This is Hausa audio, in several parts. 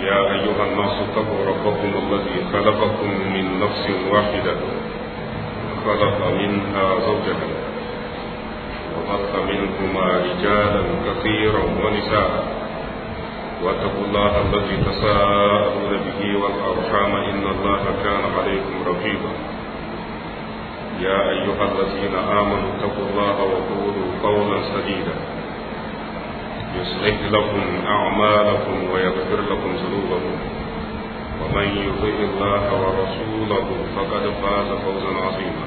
يا أيها الناس اتقوا ربكم الذي خلقكم من نفس واحدة خلق منها زوجها وبث منهما رجالا كثيرا ونساء واتقوا الله الذي تساءلون به والأرحام إن الله كان عليكم رقيبا يا أيها الذين آمنوا اتقوا الله وقولوا قولا سديدا يصلح لكم أعمالكم ويغفر لكم ذنوبكم ومن يطع الله ورسوله فقد فاز فوزا عظيما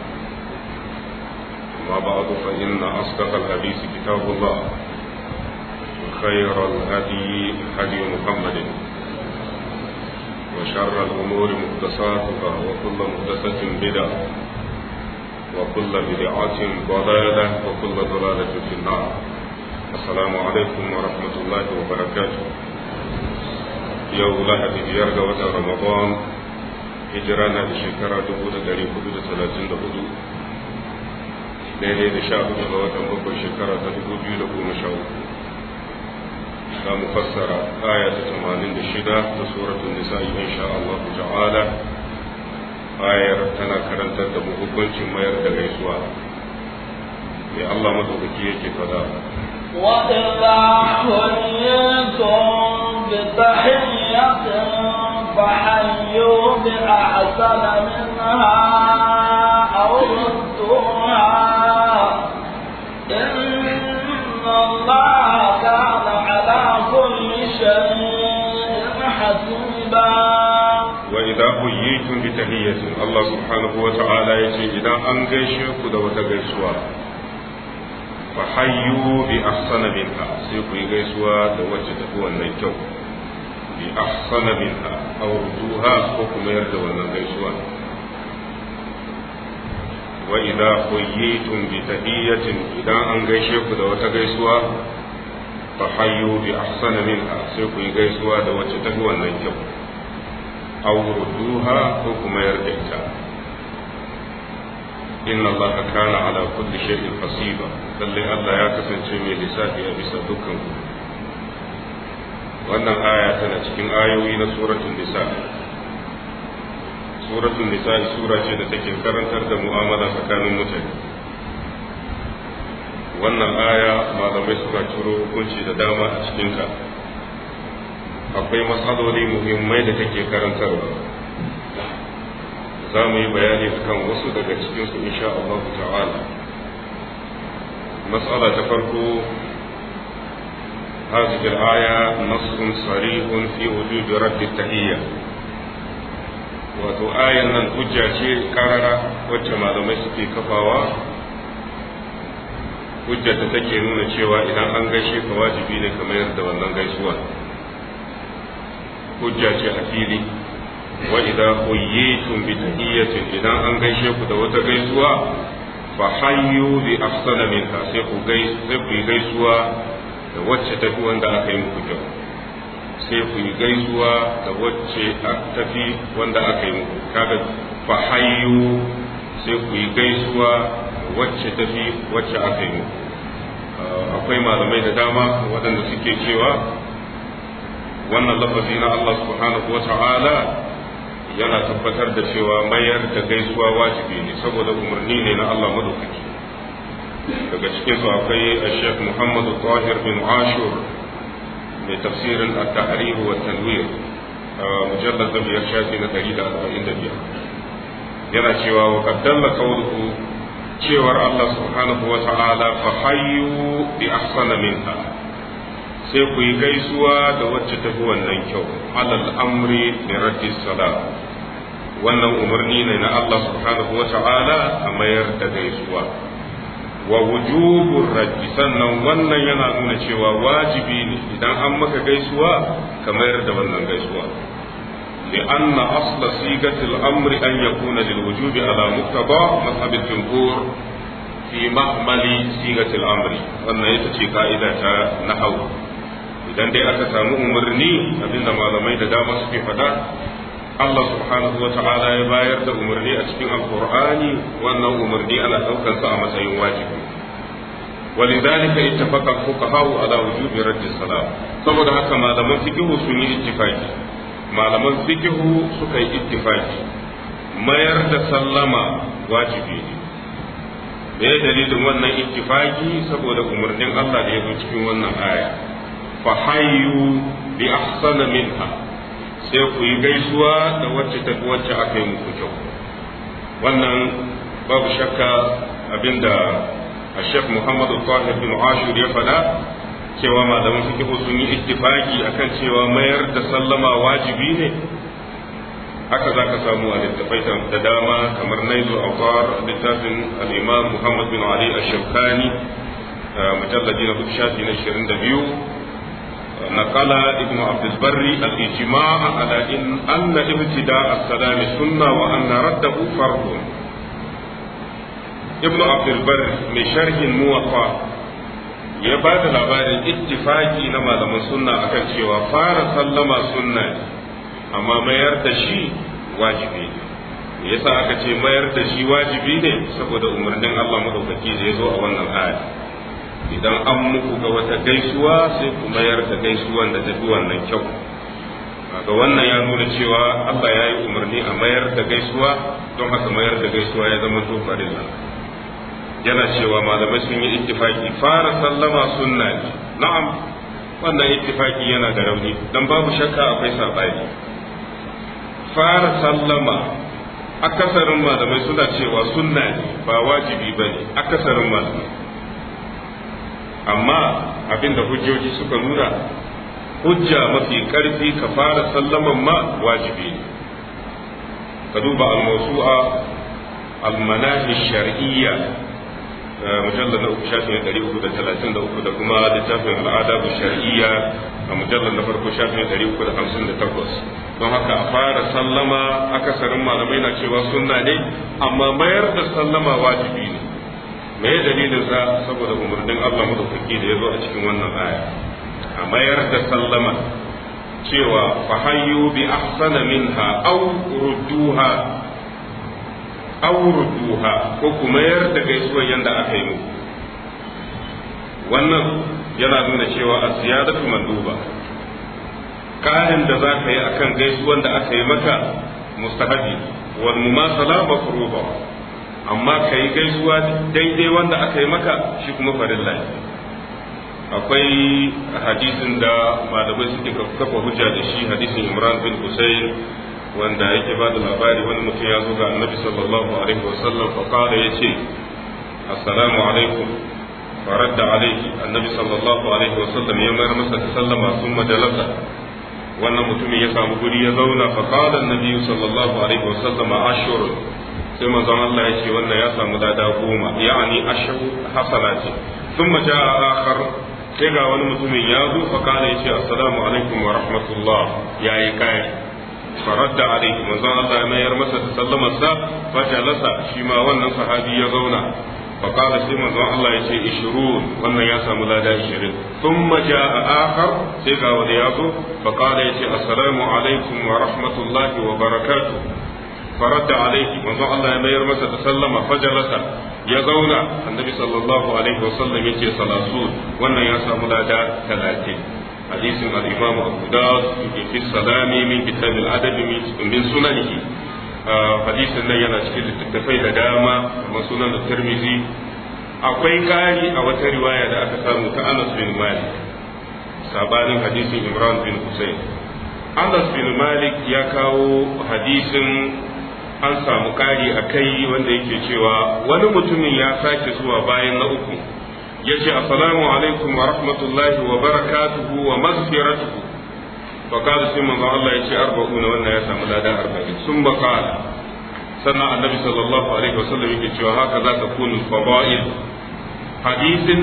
أما بعد فإن أصدق الحديث كتاب الله وخير الهدي هدي محمد وشر الأمور مقدساتها وكل مقدسة بدعة وكل بدعة ضلالة وكل ضلالة في النار السلام عليكم ورحمة الله وبركاته يوم لحد بيرجى وتر رمضان هجرانا لشكرا دبودة داري حدود ثلاثين دبودو daidai da sha hudu ga watan bakwai shekara ta dubu biyu da goma sha uku za mu fassara aya ta tamanin da shida ta suratun nisa'i insha Allah ta'ala ayar tana karantar da mu mayar da gaisuwa Me Allah madaukaki yake fada وإذا حييتم بتحية فحيوا بأحسن منها أو ردوها إن الله كان على كل شيء حسيبا وإذا حييتم بتحية الله سبحانه وتعالى يقول إذا أنجشكم وتجلسوا fahayyu bi ahsana minha sai ku yi gaisuwa da wacce tafi wannan kyau bi ahsana minha aw duha ko kuma yarda wannan gaisuwa wa idza qayyitum bi tahiyatin idan an gaishe ku da wata gaisuwa fahayyu bi ahsana minha sai ku yi gaisuwa da wacce tafi wannan kyau aw duha ko kuma yarda ita inna allaha kana ala kulli shay'in hasiba lalle Allah ya kasance mai lissafi a bisa dukkan wannan aya tana cikin ayoyi na suratul nisa suratul nisa sura ce da take karantar da mu'amala tsakanin mutane wannan aya malamai suka ciro hukunci da dama a cikinta akwai matsaloli muhimmai da take karantarwa za mu yi bayani kan wasu daga cikinsu insha Allah ta'ala masala ta farko هذه الآية نص صريح في وجود رد التحية wato ayan nan hujja ce karara wacce malamai suke kafawa hujja ta take nuna cewa idan an gaishe ka wajibi ne ka da wannan gaisuwa hujja ce a fili wa idza qayyitum bi tahiyyatin idan an gaishe ku da wata gaisuwa fa hayyu bi afsana minha sai ku gaisuwa da wacce tafi wanda aka yi muku kyau sai ku yi gaisuwa da wacce tafi wanda aka yi muku Kada fa hayyu sai ku yi gaisuwa da wacce tafi wacce aka yi muku akwai malamai da dama waɗanda suke cewa wannan lafazi na Allah subhanahu wa ta'ala yana tabbatar da cewa mayar da gaisuwa wajibi ne saboda umarni ne na Allah madaukaki daga cikin su akwai Sheikh Muhammad Tahir bin Ashur mai tafsirin at-tahrir wa tanwir mujallad da biyar shafi na 145 yana cewa wa qaddalla qawluhu cewar Allah subhanahu wa ta'ala fa hayyu bi ahsana minha sai ku yi gaisuwa da wacce ta fi wannan kyau alal amri da raddi sala wannan umarni ne na Allah subhanahu wa ta'ala a mayar da gaisuwa wa wujubur raddi sannan wannan yana nuna cewa wajibi ne idan an maka gaisuwa ka mayar da wannan gaisuwa لأن أصل صيغة الأمر أن يكون للوجوب على مقتضى مذهب الجمهور في amri. Wannan ita ce يتشي قائدة نحو dan dai aka samu umarni abinda malamai da dama suke faɗa Allah subhanahu wa ta'ala ya bayar da umarni a cikin alkur'ani wannan umarni ana ɗaukar sa a matsayin wajibi ولذلك اتفق الفقهاء على وجوب رد السلام saboda haka malaman fikihu sun yi ittifaki malaman fikihu suka yi ittifaki mayar da sallama wajibi ne me dalilin wannan ittifaki saboda umarnin Allah da ya zo cikin wannan aya fahayu bi ahsana minha sai ku yi gaisuwa da wacce ta wacce aka yi muku kyau wannan babu shakka abinda الشيخ محمد الطاهر بن ashir ya faɗa cewa malaman fikihu sun yi ittifaki akan cewa mayar da sallama wajibi ne haka za ka samu a littafai da dama kamar naizu awar littafin al'imam muhammad bin ali a shaukani mujalladi na shafi na 22 نقل ابن عبد البر الإجماع على إن أن ابتداء السلام سنة وأن رده فرض ابن عبد البر من شرح موقع ya ba da labarin ittifaki na malaman sunna akan cewa fara sallama sunna ne amma mayar da shi wajibi ne yasa aka ce mayar da shi wajibi ne saboda umarnin Allah madaukaki da ya zo a wannan ayat idan an muku ga wata gaisuwa sai ku mayar da gaisuwan da tafi wannan kyau ga wannan ya nuna cewa Allah ya yi umarni a mayar da gaisuwa don haka mayar da gaisuwa ya zama to farilla yana cewa malamai sun yi ittifaki fara sallama sunna ne na'am wannan ittifaki yana da rauni dan babu shakka akwai sabani fara sallama akasarin malamai suna cewa sunna ne ba wajibi bane akasarin malamai amma abinda hujjoji suka nuna hujja mafi karfi ka fara sallaman ma wajibi ne ka duba al-mawsu'a al-manahi shar'iyya eh, mujallal na uku shafin ɗari uku da talatin da uku da kuma littafin al'ada bu shar'iyya a mujallar na farko shafin ɗari uku da hamsin da takwas don haka a fara sallama akasarin malamai na cewa sunna ne amma mayar da sallama wajibi ne me ya dalilin sa saboda umarnin Allah madaukaki da ya zo a cikin wannan aya a mayar da sallama cewa fahayyu bi ahsana minha aw rudduha aw rudduha ko kuma yar da gaisuwar yanda aka yi muku wannan yana nuna cewa a ziyaratu manduba da za ka yi akan gaisuwar da aka yi maka mustahabi wal mumasala makruba amma ka yi gaisuwa daidai wanda aka yi maka shi kuma farilla akwai hadisin da malamai suke kafa hujja da shi hadisin imran bin husayn wanda yake ba da labari wani mutum ya zo ga annabi sallallahu alaihi wasallam fa qala yace assalamu alaikum فرد عليه النبي صلى الله عليه وسلم يوم رمسة تسلم ثم جلس wannan mutumin ya samu guri ya zauna fa qala an-nabi sallallahu alaihi wasallam sai manzon Allah ya ce wannan ya samu lada goma ya'ani ashabu hasanati thumma a akhar sai ga wani mutumin ya zo fa kana yace assalamu alaikum wa rahmatullah yayi kai faradda alaihi manzon Allah ya mayar masa sa fa jalasa shi ma wannan sahabi ya zauna fa kana sai manzon Allah yace 20 wannan ya samu lada 20 thumma a akhar sai ga wani ya zo fa kana yace assalamu alaikum wa rahmatullahi wa barakatuh faradda alaihi manzon Allah ya mayar masa da sallama fajalasa ya zauna annabi sallallahu alaihi wasallam yace salasu wannan ya samu lada 30 hadisin al-imam Abu Dawud fi salami min kitab al-adab min sunanihi ah, hadisin nan yana cikin littattafai da dama kamar sunan Tirmidhi akwai kari a wata riwaya da aka samu ta Anas bin Malik sabanin hadisin Imran bin Hussein. Anas bin Malik ya kawo hadisin an samu ƙari a kai wanda yake cewa wani mutumin ya sake zuwa bayan na uku ya ce assalamu alaikum wa rahmatullahi wa barakatuhu wa masfiratuhu fa kada sai manzo Allah ya ce arba'una wannan ya samu lada arba'in sun baka sannan annabi sallallahu alaihi wasallam yake cewa haka za ka kunu fada'il hadisin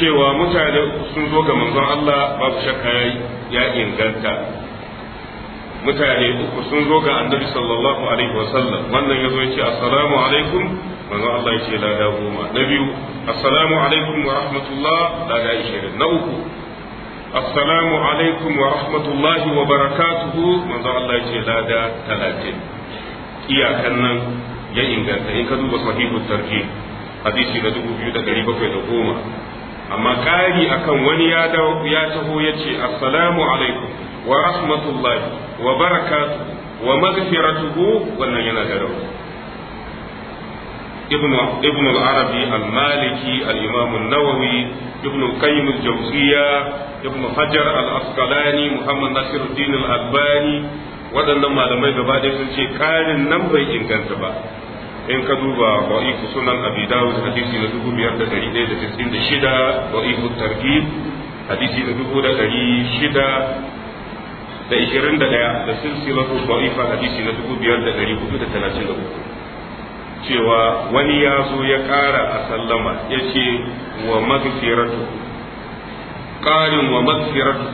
cewa mutane sun zo ga manzon Allah babu shakka ya inganta mutane uku sun zo ga annabi sallallahu alaihi wasallam wannan yazo yace assalamu alaikum manzo Allah yace lada goma na biyu assalamu alaikum wa rahmatullah lada ishirin na uku assalamu alaikum wa rahmatullahi wa barakatuhu manzo Allah yace lada talatin iyakan nan ya inganta in ka duba sahihu tarjih hadisi na dubu biyu da ɗari bakwai da goma amma kari akan wani ya taho ya ce assalamu alaikum wa rahmatullahi wa barakatu wa maghfiratuhu wannan yana da rauni arabi al-maliki al-imam an-nawawi hajar al-asqalani muhammad nasiruddin al waɗannan malamai gaba ɗaya sun nan bai inganta ba in ka duba sunan na da da 21 da silsilatu da'ifa hadisi na 5433 cewa wani ya zo ya ƙara a sallama ya ce wa magfiratu ƙarin wa magfiratu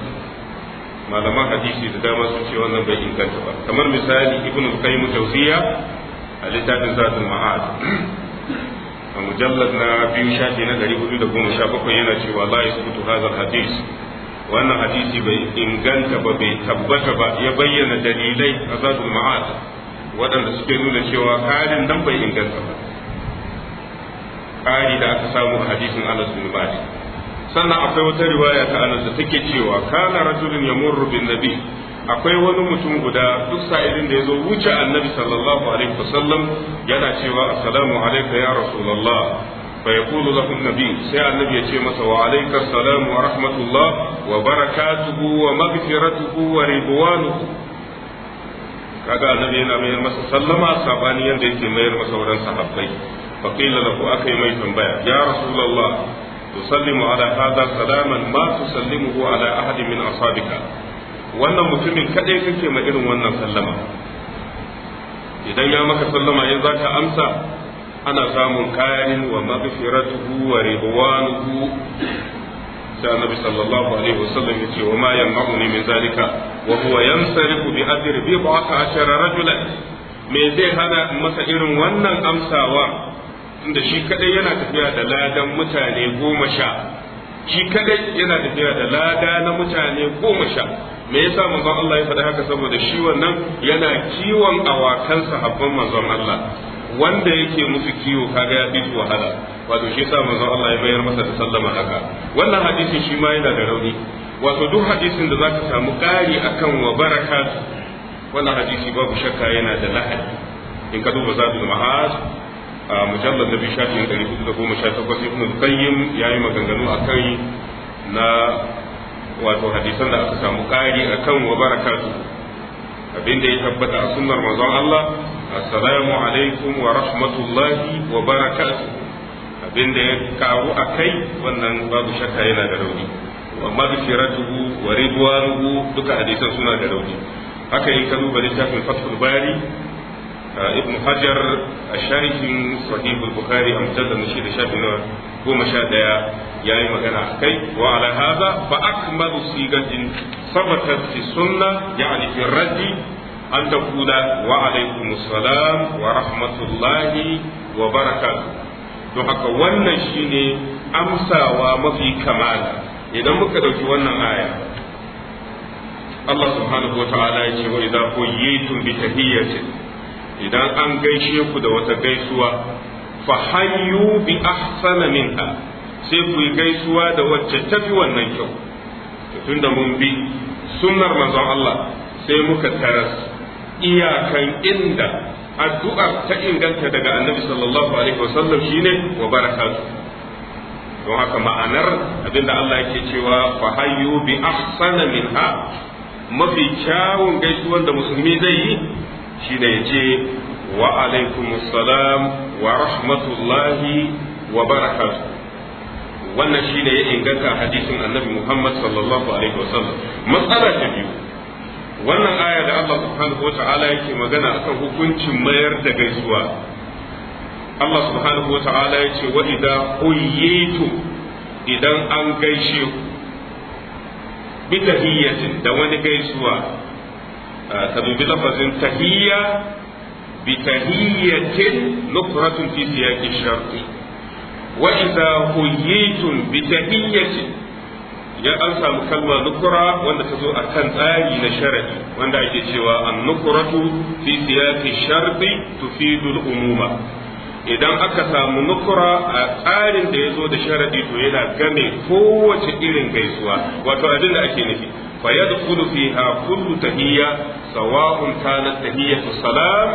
malaman hadisi da dama sun ce wannan bai inganta ba kamar misali ibn al-qayyim tawziya a littafin zatul ma'ad a mujallad na biyu shafi na 417 yana cewa la yasbutu hadha al-hadis wannan hadisi bai inganta ba bai tabbata ba ya bayyana dalilai a zaɗin ma'ad waɗanda suke nuna cewa ƙarin nan bai inganta ba ƙari da aka samu a hadisin anas bin malik sannan akwai wata riwaya ta anas da take cewa kana rajulun yamurru bin nabi akwai wani mutum guda duk sa'idin da ya zo wuce annabi sallallahu alaihi wasallam yana cewa assalamu alaikum ya rasulullah fa yaqulu lahu sai annabi ya ce masa wa alayka assalam wa rahmatullah wa barakatuhu wa maghfiratuhu wa ridwanuhu kaga annabi yana mayar masa sallama sabani yanda yake mayar masa wurin sahabbai fa qila lahu akai mai tambaya ya rasulullah tusallimu ala hadha ma wannan mutumin kaɗai kake ma irin wannan sallama idan ya maka sallama ya zata amsa ana samun kayanin wa maghfiratuhu wa ridwanuhu sai annabi sallallahu alaihi wasallam ce wa ma ne min zalika wa huwa yansarifu bi ajri bi ashara rajula me zai hana masa irin wannan amsawa inda shi kadai yana tafiya da ladan mutane goma sha shi kadai yana tafiya da lada na mutane goma sha me yasa manzon Allah ya faɗi haka saboda shi wannan yana kiwon awakan sahabban manzon Allah wanda yake musu kiwo kaga ya fi wahala wato shi yasa manzon Allah ya bayar masa da sallama haka wannan hadisi shi ma yana da rauni wato duk hadisin da zaka samu ƙari akan wa baraka wannan hadisi babu shakka yana da lahadi in ka duba zadul ma'ad mujallad na biyu shafin ɗari da goma sha takwas ibn qayyim ya yi maganganu a kai na wato hadisan da aka samu ƙari akan wa baraka abinda ya tabbata a sunnar manzon Allah assalamu alaikum wa rahmatullahi wa barakatuh abinda ya karu a kai wannan babu shakka yana da rauni wa maghfiratuhu wa ridwanuhu duka hadisan suna da rauni haka yi kalu bari tafin fathul bari ah, ibn hajar a sharhin sahih al-bukhari a mujallar na shida shafi na goma sha daya ya yi magana a kai wa ala hada fa akmalu sigatin sunna ya fi raddi an taqula wa alaikumus salam wa rahmatullahi wa barakatuh don haka wannan shine amsawa mafi kamala idan muka dauki wannan aya Allah subhanahu wa ta'ala ya ce wa idza quyitum bi tahiyyatin idan an gaishe ku da wata gaisuwa fa hayyu bi ahsana minha sai ku yi gaisuwa da wacce tafi wannan kyau tunda mun bi sunnar manzon Allah sai muka taras iyakan inda addu'ar ta inganta daga annabi sallallahu alaihi wasallam shine wa barakatu don haka ma'anar abinda Allah yake cewa fa hayyu bi ahsana minha mafi kyawun gaisuwar da musulmi zai yi shine yace wa salam wa rahmatullahi wa barakatu wannan shine ya inganta hadisin annabi Muhammad sallallahu alaihi wasallam matsala ta biyu wannan aya da Allah subhanahu wa ta'ala yake magana akan hukuncin mayar da gaisuwa Allah subhanahu wa ta'ala ya wa idan huyyitu idan an gaishe ku bi tahiyyatin da wani gaisuwa ka dubi lafazin tahiyya bi tahiyyatin nukratun fi siyaqi sharti wa idza huyyitum bi tahiyyatin idan an samu kalma nukura wanda ta zo a kan tsari na sharadi wanda ake cewa an nukuratu fi siyaqi sharti tufidul umuma idan aka samu nukura a tsarin da ya zo da sharadi to yana game kowace irin gaisuwa wato abin da ake nufi fa yadkhulu fiha kullu tahiyya sawa'un kanat tahiyyatu salam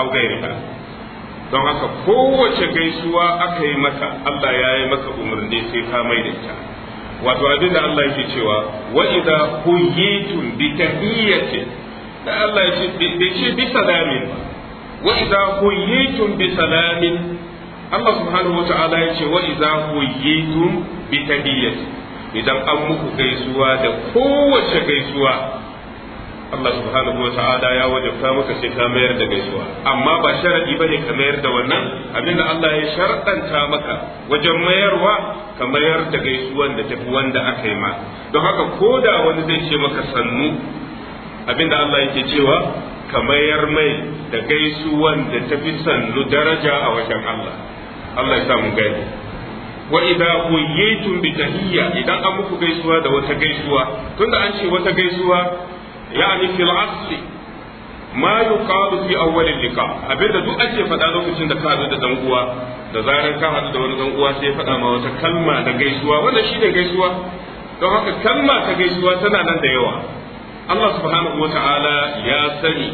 aw ghayriha don haka kowace gaisuwa aka yi maka Allah ya yi maka umarni sai ka mai da ita wato abin da Allah yake cewa wa idza huyitum bi tahiyyati da Allah yake bi ce bi salamin wa idza huyitum bi salamin Allah subhanahu wa ta'ala yake ce wa idza huyitum bi tahiyyati idan an muku gaisuwa da kowace gaisuwa Allah subhanahu wa ta'ala ya wajabta maka sai ka mayar da gaisuwa amma ba sharadi bane ka mayar da wannan abinda Allah ya sharaɗanta maka wajen mayarwa ka mayar da gaisuwan da tafi wanda aka yi ma don haka ko da wani zai ce maka sannu abinda Allah yake cewa ka mayar mai da gaisuwan da tafi sannu daraja a wajen Allah Allah ya samu gani wa idza huyitum bi tahiyya idan an muku gaisuwa da wata gaisuwa tunda an ce wata gaisuwa يعني في الأصل ما يقال في أول اللقاء أبدا دو أشي فدا da ka hadu da dan uwa da zarar ka hadu da wani dan uwa sai faɗa ma wata kalma da gaisuwa wannan shine gaisuwa don haka kalma ta gaisuwa tana nan da yawa Allah subhanahu wataala ya sani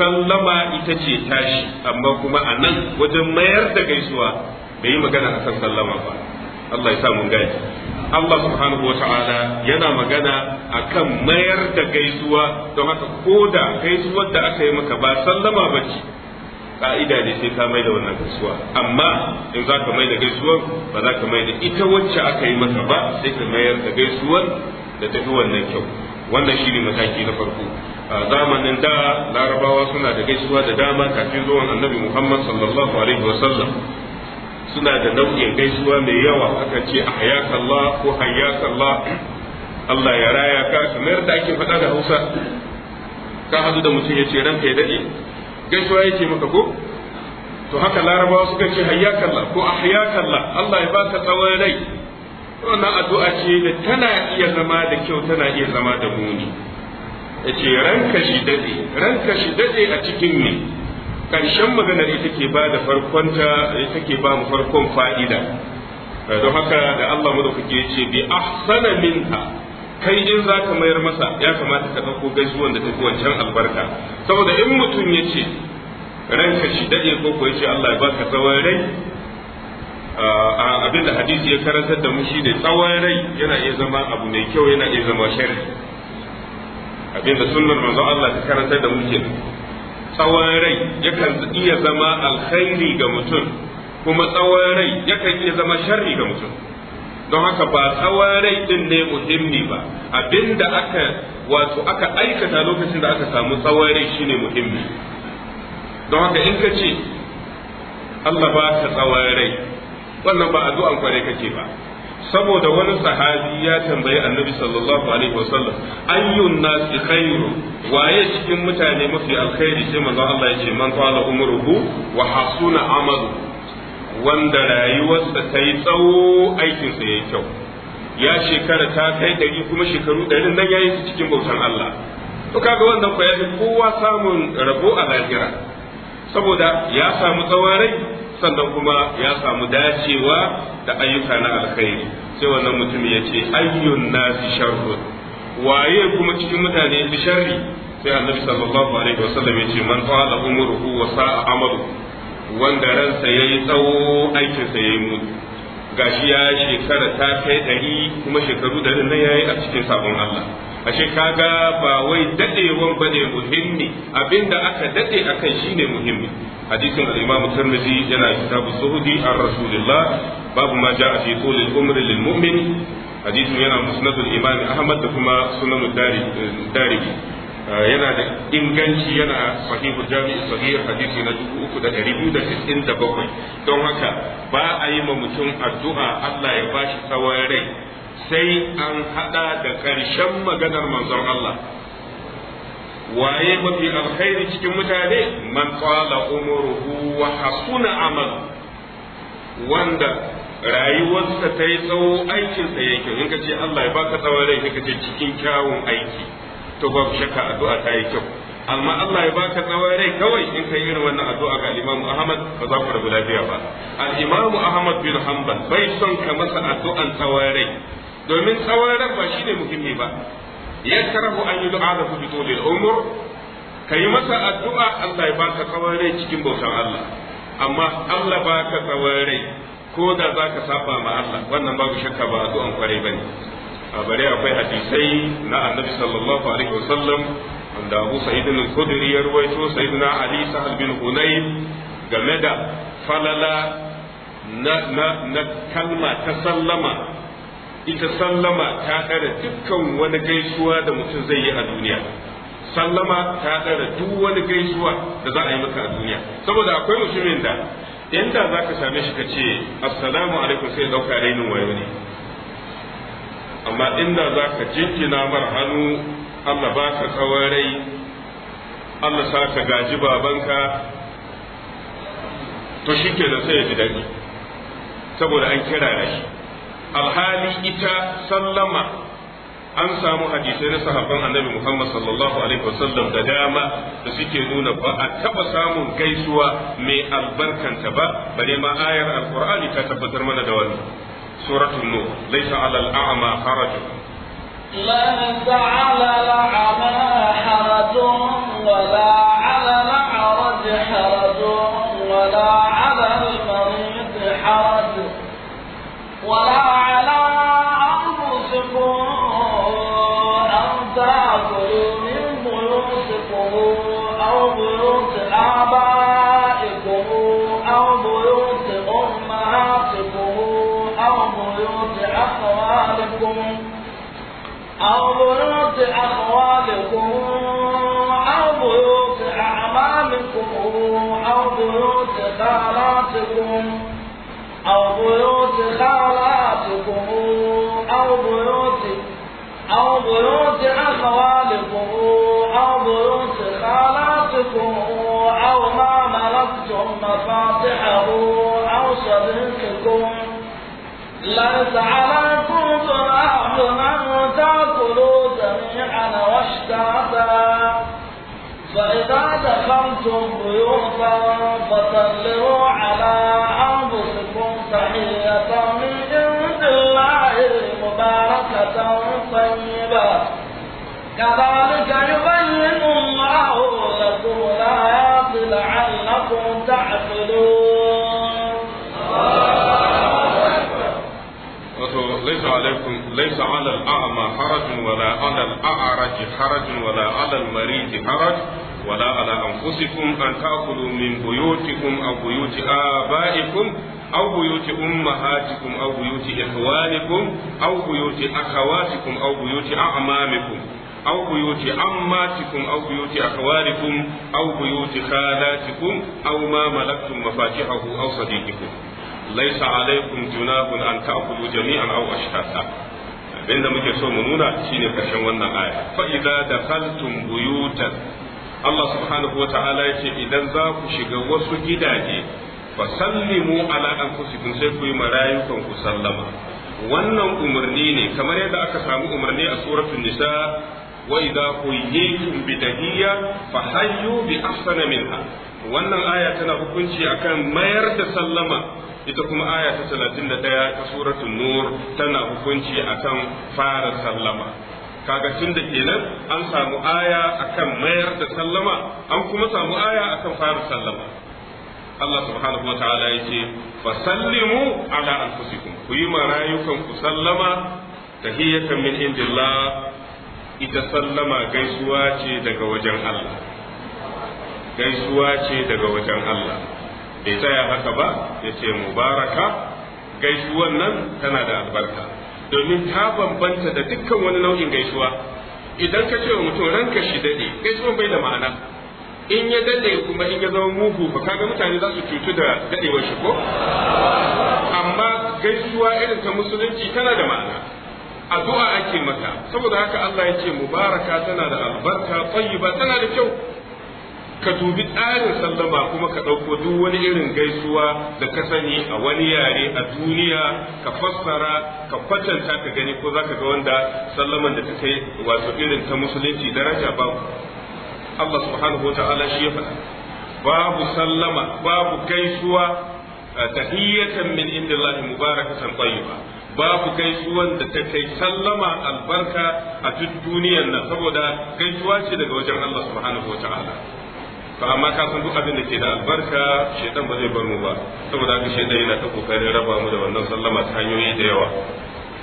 sallama ita ce tashi amma kuma a nan wajen mayar da gaisuwa bai yi magana akan sallama ba Allah ya sa mun gani Allah subhanahu wata'ala yana magana a kan mayar da gaisuwa don haka ko da gaisuwar da aka yi maka ba sallama ba ce ka'ida ne sai ka mai da wannan gaisuwa amma in za ka mai da gaisuwar ba za ka mai da ita wacce aka yi maka ba sai ka mayar da gaisuwar da tafi wannan kyau wannan shi ne mataki na farko a zamanin da larabawa suna da gaisuwa da dama kafin zuwan annabi muhammad sallallahu alaihi wa sallam. suna da nau'in gaisuwa mai yawa akan ce a hayakallah ko hayakallah Allah ya raya ka kamar da ake faɗa da Hausa ka hadu da mutum ya ce ranka ya daɗe gaisuwa yake maka ko to haka larabawa suka ce hayyakallah ko a ahyakallah Allah ya baka tsawon rai wannan addu'a ce da tana iya zama da kyau tana iya zama da muni yace ranka shi dade ranka shi dade a cikin ne ƙarshen maganar ita ke ba da farkonta ita ke ba mu farkon fa'ida don haka da Allah mu da kuke ce bi ahsana minha kai in za ka mayar masa ya kamata ka ɗauko gaisuwan da tafi wancan albarka saboda in mutum ya ce ranka shi daɗe ko ko ya ce Allah ya baka tsawon rai abin da hadisi ya karantar da mu shi ne tsawon rai yana iya zama abu mai kyau yana iya zama sharri abin da sunnar manzo Allah ta karantar da mu kenan tsawon rai yakan iya zama alkhairi ga mutum kuma tsawon rai yakan iya zama sharri ga mutum don haka ba tsawon rai din ne muhimmi ba abinda aka wato aka aikata lokacin da aka samu tsawon rai shine muhimmi don haka in ka ce Allah ba ka tsawon rai wannan ba addu'an kwarai kake ba saboda wani sahabi ya tambayi annabi sallallahu alaihi wasallam ayyun nasi khairu waye cikin mutane mafi alkhairi sai manzo Allah ya ce man qala umruhu wa hasuna amalu wanda rayuwarsa ta yi tsawo aikin sa yayi kyau ya shekara ta kai dari kuma shekaru ɗarin nan yayi su cikin bautan Allah to kaga wannan ko ya kowa samun rabo a lahira saboda ya samu tsawon rai sannan kuma ya samu dacewa da ayyuka na alkhairi sai wannan mutum ya ce ayyun nasi sharrun waye kuma cikin mutane fi sharri sai annabi sallallahu alaihi wasallam ya ce man qala umruhu wa sa'a amalu wanda ransa yayi tsawo aikin sa yayi mutu gashi ya shekara ta kai 100 kuma shekaru dari nan yayi a cikin sabon Allah ashe kaga ba wai dadewan bane muhimmi abinda aka dade akan ne muhimmi hadisin al-imam tirmidhi yana kitabu suhudi an rasulillah babu ma jaa fi tul al-umr lil mu'min hadisin yana musnad al-imam ahmad da kuma sunan ad-dari ah, yana da inganci yana sahihu jami'i sahih hadisi na 3297 don haka ba a yi ma mutum addu'a Allah ya bashi tsawon rai sai an hada da ƙarshen maganar manzon Allah waye mafi alkhairi cikin mutane man qala umruhu wa hasuna amal wanda rayuwarsa ta yi tsawo aikinsa ya kyau in ka ce Allah ya baka tsawon rai ka ce cikin kyawun aiki to babu shakka addu'a ta yi kyau amma Allah ya baka tsawon rai kawai in ka yi wannan addu'a ga Imam Ahmad ba za ku rabu lafiya ba al-Imam Ahmad bin Hanbal bai son ka masa addu'an tsawon rai domin tsawon ran ba shine muhimmi ba yakrahu an yud'a lahu bi da umur kai masa addu'a Allah ya baka tsawon rai cikin bautan Allah amma Allah baka tsawon rai ko da zaka saba ma Allah wannan babu shakka ba addu'an kwarai bane a bare akwai hadisai na annabi sallallahu alaihi wasallam wanda Abu Sa'id al-Khudri ya rawaito Sayyidina Ali Sahal bin Hunayn game da falala na na kalma ta sallama ita sallama ta ɗara dukkan wani gaisuwa da mutum zai yi a duniya sallama ta ɗara duk wani gaisuwa da za a yi maka a duniya saboda akwai mutumin da inda za ka same shi ka ce assalamu alaikum sai ɗauka rainin wayo ne amma inda za ka jinkina mar hannu Allah ba ka tsawon rai Allah sa ka gaji babanka to shi kenan sai ya ji daɗi saboda an kira shi alhali ita sallama an samu hadisai na sahabban annabi Muhammad sallallahu alaihi wasallam da dama da suke nuna ba a taba samun gaisuwa mai albarkanta ba bare ma ayar alqur'ani ta tabbatar mana da wannan suratul nur laysa alal a'ma harajun laysa alal a'ma harajun wala أو بيوت أخوالكم أو بيوت أخوالكم أو بيوت أعمامكم أو بيوت خالاتكم أو بيوت خالاتكم أو بيوت أو بيوت أخوالكم أو بيوت خالاتكم أو ما ملكتم مفاتحه أو شريككم ليس عليكم جناح أن تأكلوا جميعا واشتاتا فإذا دخلتم بيوتا فسلموا على أنفسكم تحية من عند الله مباركة طيبة كذلك يبين الله لكم الآيات لعلكم تعقلون عليكم ليس على الأعمى حرج ولا على الأعرج حرج ولا على المريض حرج ولا على أنفسكم أن تأكلوا من بيوتكم أو بيوت آبائكم أو بيوت أمهاتكم أو بيوت إخوانكم أو بيوت أخواتكم أو بيوت أعمامكم أو بيوت عماتكم أو بيوت أخوالكم أو بيوت خالاتكم أو ما ملكتم مفاتحه أو صديقكم laisa alaikum junahun an ta'kulu jami'an aw ashtata abinda muke so mu nuna shine karshen wannan aya fa idza dakhaltum buyutan Allah subhanahu wa ta'ala yace idan za ku shiga wasu gidaje fa sallimu ala anfusikum sai ku yi marayukan ku sallama wannan umarni ne kamar yadda aka samu umarni a suratul nisa wa idza quyitum bi tahiyya fa hayyu bi ahsana minha wannan aya tana hukunci akan mayar da sallama ita kuma aya ta talatin da ɗaya ta suratul nur tana hukunci akan fara sallama kaga tun da kenan an samu aya akan mayar da sallama an kuma samu aya akan fara sallama Allah subhanahu wa ta'ala yake fa sallimu ala anfusikum ku yi marayukan ku sallama tahiyatan min indillah ita sallama gaisuwa ce daga wajen Allah gaisuwa ce daga wajen Allah bai tsaya haka ba ya ce mubaraka gaisuwan nan tana da albarka domin ta bambanta da dukkan wani nau'in gaisuwa idan ka ce wa mutum ranka shi dade gaisuwan bai da ma'ana in ya dade kuma in ya zama mugu ba kaga mutane za su cutu da dadewar shi ko amma gaisuwa irin ta musulunci tana da ma'ana addu'a ake mata. saboda haka Allah ya ce mubaraka tana da albarka tayyiba tana da kyau ka dubi tsarin sallama kuma ka ɗauko duk wani irin gaisuwa da ka sani a wani yare a duniya ka fassara ka kwatanta ka gani ko za ka ga wanda sallaman da ta kai wato irin ta musulunci daraja babu Allah subhanahu wa ta'ala shi ya faɗa babu sallama babu gaisuwa tahiyatan min indillahi mubarakatan tayyiba babu gaisuwan da ta kai sallama albarka a duk duniyar nan saboda gaisuwa ce daga wajen Allah subhanahu wa ta'ala to amma ka san duk abin da ke da albarka shaitan ba zai bar mu ba saboda haka shaitan yana ta kokarin raba mu da wannan sallama ta hanyoyi da yawa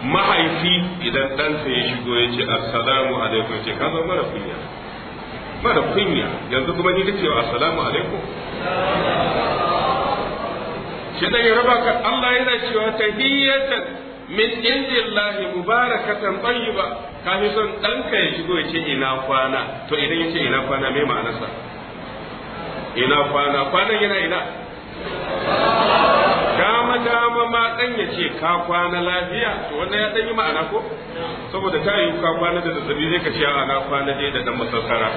mahaifi idan ɗansa ya shigo ya ce assalamu alaikum ce ka zama mara kunya mara kunya yanzu kuma ni da wa assalamu alaikum shaitan ya raba ka Allah yana cewa tahiyyatan min indillahi mubarakatan tayyiba kafin son ɗanka ya shigo ya ce ina kwana to idan ya ce ina kwana me ma'anarsa ina kwana kwanan yana ina dama dama ma dan ya ce ka kwana lafiya to wannan ya dan yi ma'ana ko saboda ta yi ka kwana da zazzabi zai ka ce a na kwana dai da dan masassara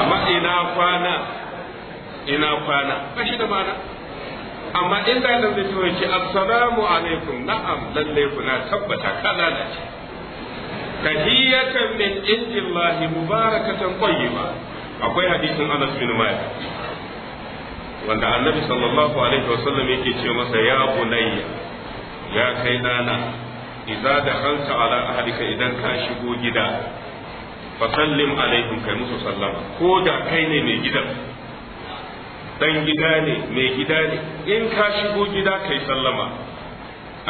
amma ina kwana ina kwana ba shi da ma'ana amma in da zai ce assalamu alaikum na'am lalle kuna tabbata ka lalace tahiyatan min indillahi mubarakatan tayyiba akwai hadisin Anas bin Malik wanda annabi sallallahu alaihi wasallam yake ce masa ya bunayya ya kai dana idza hanka ala ahlika idan ka shigo gida fa sallim alaihim kai musu sallama ko da kai ne mai gidan dan gida ne mai gida ne in ka shigo gida kai sallama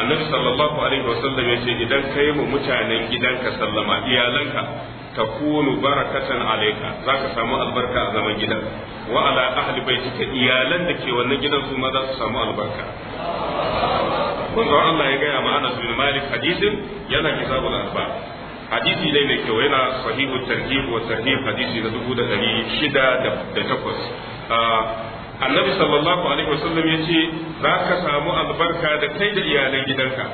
annabi sallallahu alaihi wasallam ya ce idan kai mu mutanen gidanka sallama iyalanka takunu barakatan alayka zaka samu albarka a zaman gidan wa ala ahli baitika iyalan da ke wannan gidan su ma za su samu albarka manzo Allah ya gaya ma Anas bin Malik hadisin yana kitabul asba hadisi dai ne kyau yana sahihu tarjih wa tarhib hadisi na 608 ah, annabi sallallahu alaihi wasallam ya ce za ka samu albarka da kai da iyalan gidanka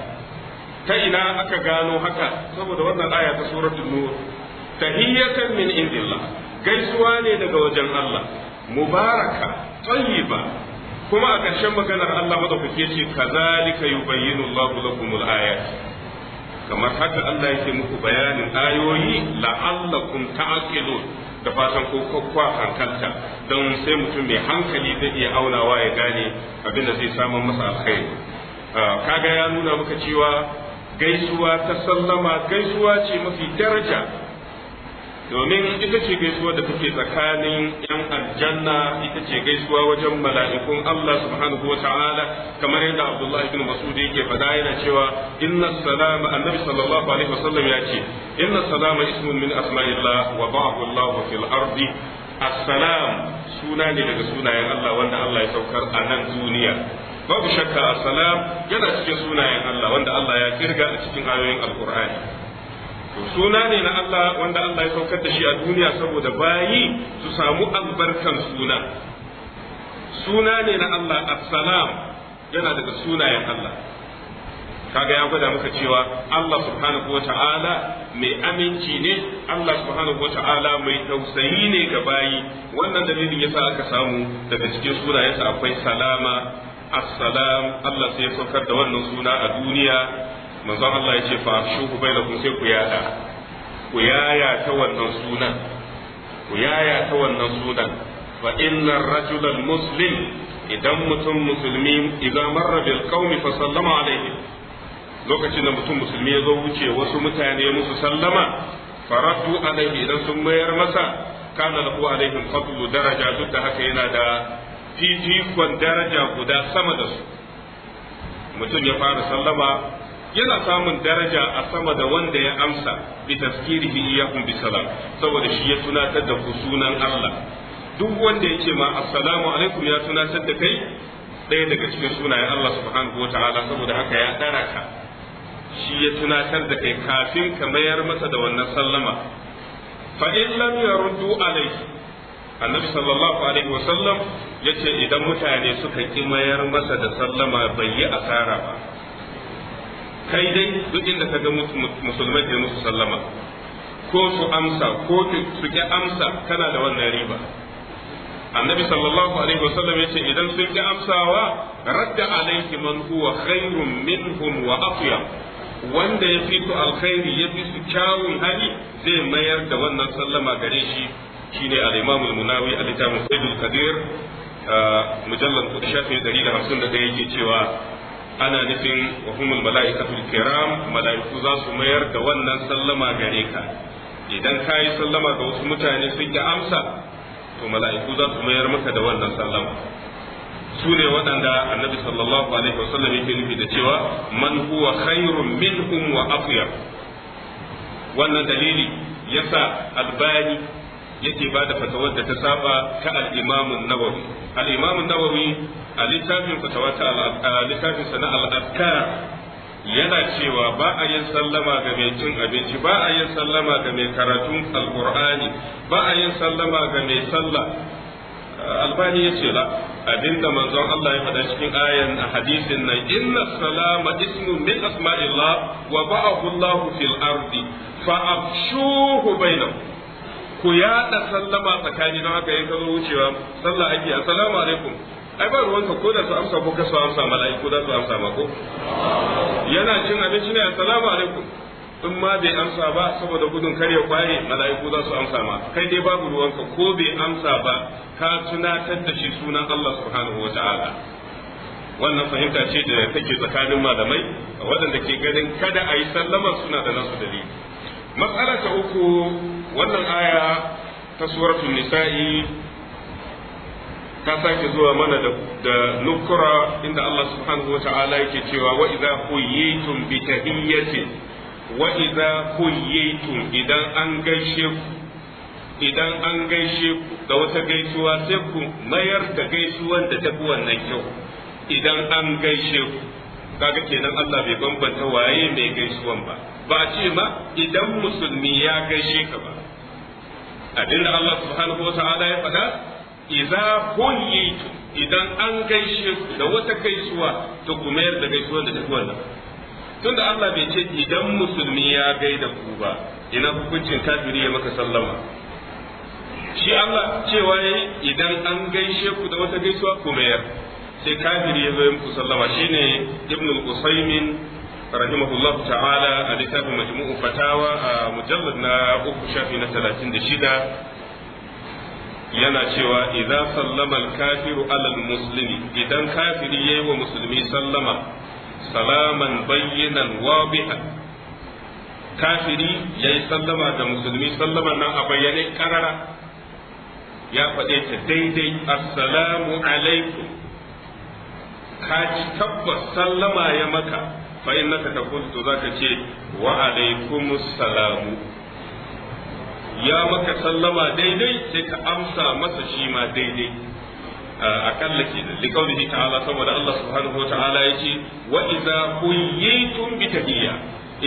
ta ina aka gano haka saboda wannan aya ta suratul nur tahiyatan min indillah gaisuwa ne daga wajen Allah mubaraka tayyiba kuma a ƙarshen maganar Allah madaukake yace kazalika yubayyinu Allahu al ayat kamar haka Allah yake muku bayanin ayoyi la'allakum ta'qilun da fatan ko kokwa hankalta don sai mutum mai hankali zai iya aunawa ya gane abin da zai samu masa alkhairi ah, kaga ya nuna maka cewa gaisuwa ta sallama gaisuwa ce mafi daraja domin ita ce gaisuwa da take tsakanin yan aljanna ita ce gaisuwa wajen mala'ikun Allah subhanahu wa ta'ala kamar yadda Abdullah ibn Mas'ud yake fada yana cewa inna salama annabi sallallahu alaihi wasallam ya ce inna salama ismun min asma'illah wa ba'ahu Allah fil ardi assalam suna ne daga sunayen Allah wanda Allah ya saukar a nan duniya babu shakka assalam yana cikin sunayen Allah wanda Allah ya kirga a cikin ayoyin alqur'ani suna ne na Allah wanda Allah ya saukar da shi a duniya saboda bayi su samu albarkan suna suna ne na Allah assalam yana daga sunayen Allah kaga ya gwada maka cewa Allah subhanahu wata'ala mai aminci ne Allah subhanahu wata'ala mai tausayi ne ga bayi wannan dalilin yasa aka samu daga cikin yasa akwai salama assalam Allah sai ya saukar da wannan suna a duniya manzon Allah ya ce fa shuhu kun sai ku yada ku yaya ta wannan sunan ku yaya ta wannan sunan fa innar rajulal muslim idan mutum musulmi idza marra bil qaumi fa sallama alaihi lokacin da mutum musulmi ya zo wuce wasu mutane musu sallama faratu alaihi idan sun mayar masa kana lahu alaihim fadlu daraja duk da haka yana da fifikon daraja guda sama da su mutum ya fara sallama yana samun daraja a sama da wanda ya amsa bi bi iyyakum bi salam saboda shi ya tunatar da ku sunan Allah duk wanda yake ma assalamu alaikum ya tunatar da kai ɗaya daga cikin sunayen Allah subhanahu wa ta'ala saboda haka ya daraka shi ya tunatar da kai kafin ka mayar masa da wannan sallama fa in lam yaruddu alayhi annabi sallallahu alaihi wa sallam yace idan mutane suka ki mayar masa da sallama bai yi asara ba kai dai duk inda ka ga musulmai ke musu sallama ko su amsa ko su ki amsa kana da wannan riba annabi sallallahu alaihi wasallam ce idan sun ki amsawa radda alaiki man huwa khairun minhum wa afyam wanda ya fi su alkhairi ya fi su kyawun hali zai mayar da wannan sallama gare shi shine al-imam al-munawi al-kitab al qadir mujallad shafi 151 yake cewa ana nufin wa humul mala'ikatul kiram mala'iku za su mayar da wannan sallama gare ka idan ka yi sallama ga wasu mutane sun ki amsa to mala'iku za su mayar maka da wannan sallama su ne waɗanda annabi sallallahu alaihi wa sallam yake nufi da cewa man huwa khairun minhum wa afyar wannan dalili yasa albani yake ba da fatawar da ta saba ta al-Imam nawawi al-Imam nawawi a littafin fatawa ta littafin sana al-Azkar yana cewa ba a yin sallama ga mai cin abinci ba a yin sallama ga mai karatun alqur'ani ba a yin sallama ga mai sallah albani ya ce la abinda manzon Allah ya faɗa cikin ayan a hadisin nan inna salama ismu min asma'illah wa ba'ahu Allah fil ardi fa afshuhu bainahum ku yaɗa sallama tsakani don haka yin kazo wucewa sallah ake assalamu alaikum ai ba ruwanka ko da su amsa ko ka su amsa mala'iku da su amsa ma ko yana cin abinci ne assalamu alaikum in ma bai amsa ba saboda gudun kare kwaye mala'iku za su amsa ma kai dai babu ruwanka ko bai amsa ba ka tunatar da shi sunan Allah subhanahu wa ta'ala wannan fahimta ce da take tsakanin malamai waɗanda ke ganin kada a yi sallama suna da nasu dalili matsala ta uku wannan aya ta suratul nisa'i ta sake zuwa mana da nukura inda Allah subhanahu wa ta'ala yake cewa wa idza quyitum bi tahiyyatin wa idza quyitum idan an gaishe ku idan an gaishe ku da wata gaisuwa sai ku mayar da gaisuwan da tafi wannan kyau idan an gaishe ku kaga kenan Allah bai bambanta waye mai gaisuwan ba ba a ce ma idan musulmi ya gaishe ka ba abinda Allah subhanahu wata'ala ya faɗa idza huyitu idan an gaishe ku da wata gaisuwa to ku mayar da gaisuwa da duk wannan tunda Allah bai ce idan musulmi ya gaida ku ba ina hukuncin kafiri ya maka sallama shi Allah cewa yayi idan an gaishe ku da wata gaisuwa ku mayar sai kafiri ya zo ya muku sallama shine ibnu qusaymin rahimahullahu ta'ala a littafin majmu'u fatawa a mujallar na uku shafi na talatin da shida yana cewa idan sallama kafiru alal muslimi sallama da musulmi sallaman nan a bayyane karara ya faɗe ta daidai assalamu alaikum ka ci tabbas sallama ya maka fa innaka taqulu to zaka ce wa alaikumus salamu ya maka sallama daidai sai ka amsa masa shi ma daidai akalla ke li likaulihi ta'ala saboda Allah subhanahu wa ta'ala yace wa idza kuyyitum bi tahiyya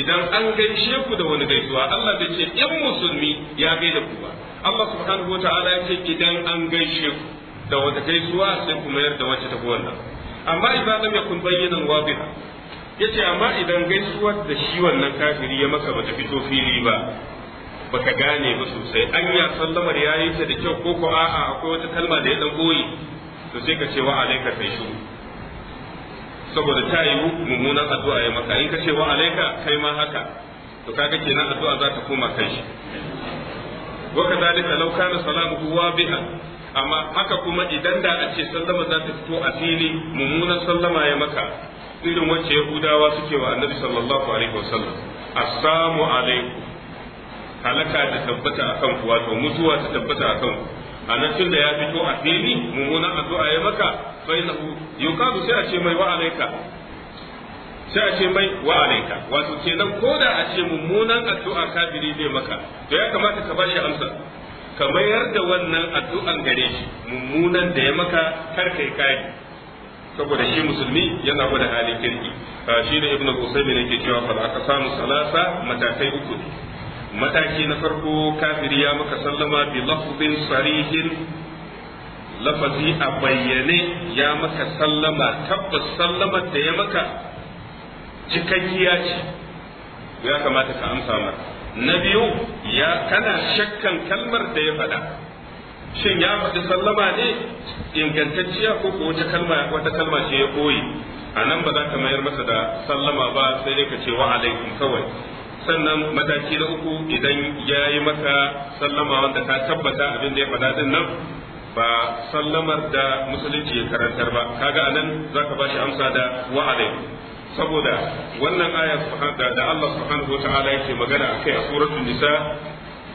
idan an gaishe ku da wani gaisuwa Allah bai ce in musulmi ya gaida ku ba Allah subhanahu wa ta'ala yace idan an gaishe ku da wata gaisuwa sai ku mayar da wacce ta wannan amma idan lam yakun bayyana wadiha yace amma idan gaisuwar da shi wannan kafiri ya maka bata fito fili ba baka gane ba sosai an ya sallamar yayi ta da kyau ko ko a'a akwai wata kalma da ya dan goyi to sai ka ce wa alayka kai shi saboda ta yi mummunan addu'a ya maka in ka ce wa alayka kai ma haka to kaga kenan addu'a za ta koma kai shi wa kadalika law kana salamuhu biha amma haka kuma idan da a ce sallama za ta fito a fili mummunan sallama ya maka irin wacce yahudawa suke wa annabi sallallahu alaihi wasallam assalamu alaikum halaka ta tabbata akan ku wato mutuwa ta tabbata akan ku anan tun da ya fito a fili mummunan addu'a ya maka fa innahu yuqadu sai a ce mai wa alaika sai a ce mai wa alaika wato kenan ko da a ce mummunan addu'a kafiri zai maka to ya kamata ka bashi amsa ka mayar da wannan addu'an gare shi mummunan da ya maka kar kai kai saboda shi musulmi yana gwada halin kirki shi da ibnu qusaymi ne ke cewa fa aka samu salasa matakai uku mataki na farko kafiri ya maka sallama bi lafzin sarihin lafazi a bayyane ya maka sallama tabbas sallama da ya maka cikakkiya ce ya kamata ka amsa mata na biyu ya kana shakkan kalmar da ya faɗa shin ya faɗi sallama ne ingantacciya ko ko wata kalma wata kalma ce ya koyi a nan ba za ka mayar masa da sallama ba sai dai ka ce wa alaikum kawai sannan mataki na uku idan ya yi maka sallama wanda ka tabbata abin da ya faɗa din nan ba sallamar da musulunci ya karantar ba kaga nan za ka ba shi amsa da wa alaikum saboda wannan aya da Allah subhanahu wa ta'ala yake magana akai a suratul nisa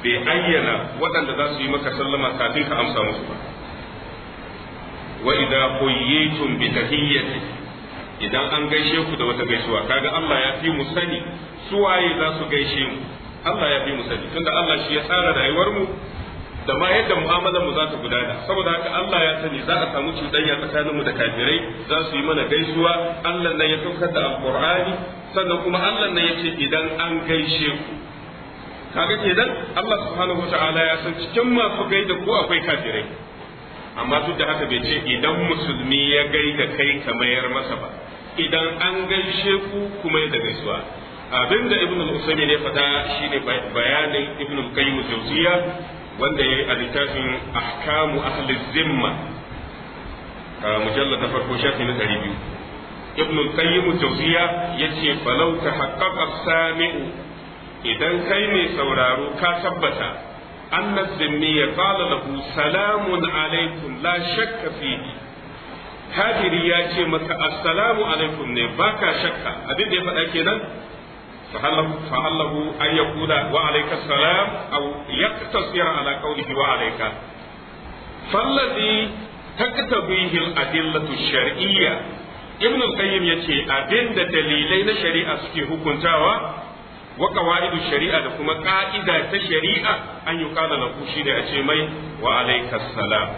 bai ayyana waɗanda za su yi maka sallama kafin ka amsa musu ba wa idza quyitum bi tahiyyati idan an gaishe ku da wata gaisuwa kaga Allah ya fi mu sani waye za su gaishe mu Allah ya fi mu sani tunda Allah shi ya tsara rayuwar mu da ma yadda mu'amalar mu za ta gudana saboda haka Allah ya sani za a samu cuɗanya tsakanin mu da kafirai za su yi mana gaisuwa Allah nan ya saukar da alqur'ani sannan kuma Allah nan ya ce idan an gaishe ku kaga kenan Allah subhanahu wataala ya san cikin masu gaida ko akwai kafirai amma duk da haka bai ce idan musulmi ya gaida kai ka mayar masa ba idan an gaishe ku kuma ya gaisuwa abin da ibn al-usaymin ya faɗa shine bayanin ibn al-qayyim jawziya wanda yayi a littafin ahkamu ahli zimma mujallad na farko shafi na 200 ibn al-qayyim jawziya yace falau tahaqqaqa sami'u idan kai mai sauraro ka tabbata annas zimmi ya qala lahu salamun alaikum la shakka fihi kafiri ya ce maka assalamu alaikum ne baka shakka abin da ya faɗa kenan فهله أن يقول وعليك wa alaika. يقتصر على قوله وعليك فالذي تقتضيه Ibn الشرعية ابن القيم abinda dalilai na shari'a suke حكم wa qawaidu shari'a da kuma ƙa'ida ta shari'a an yi kana lahu shi ce mai wa salam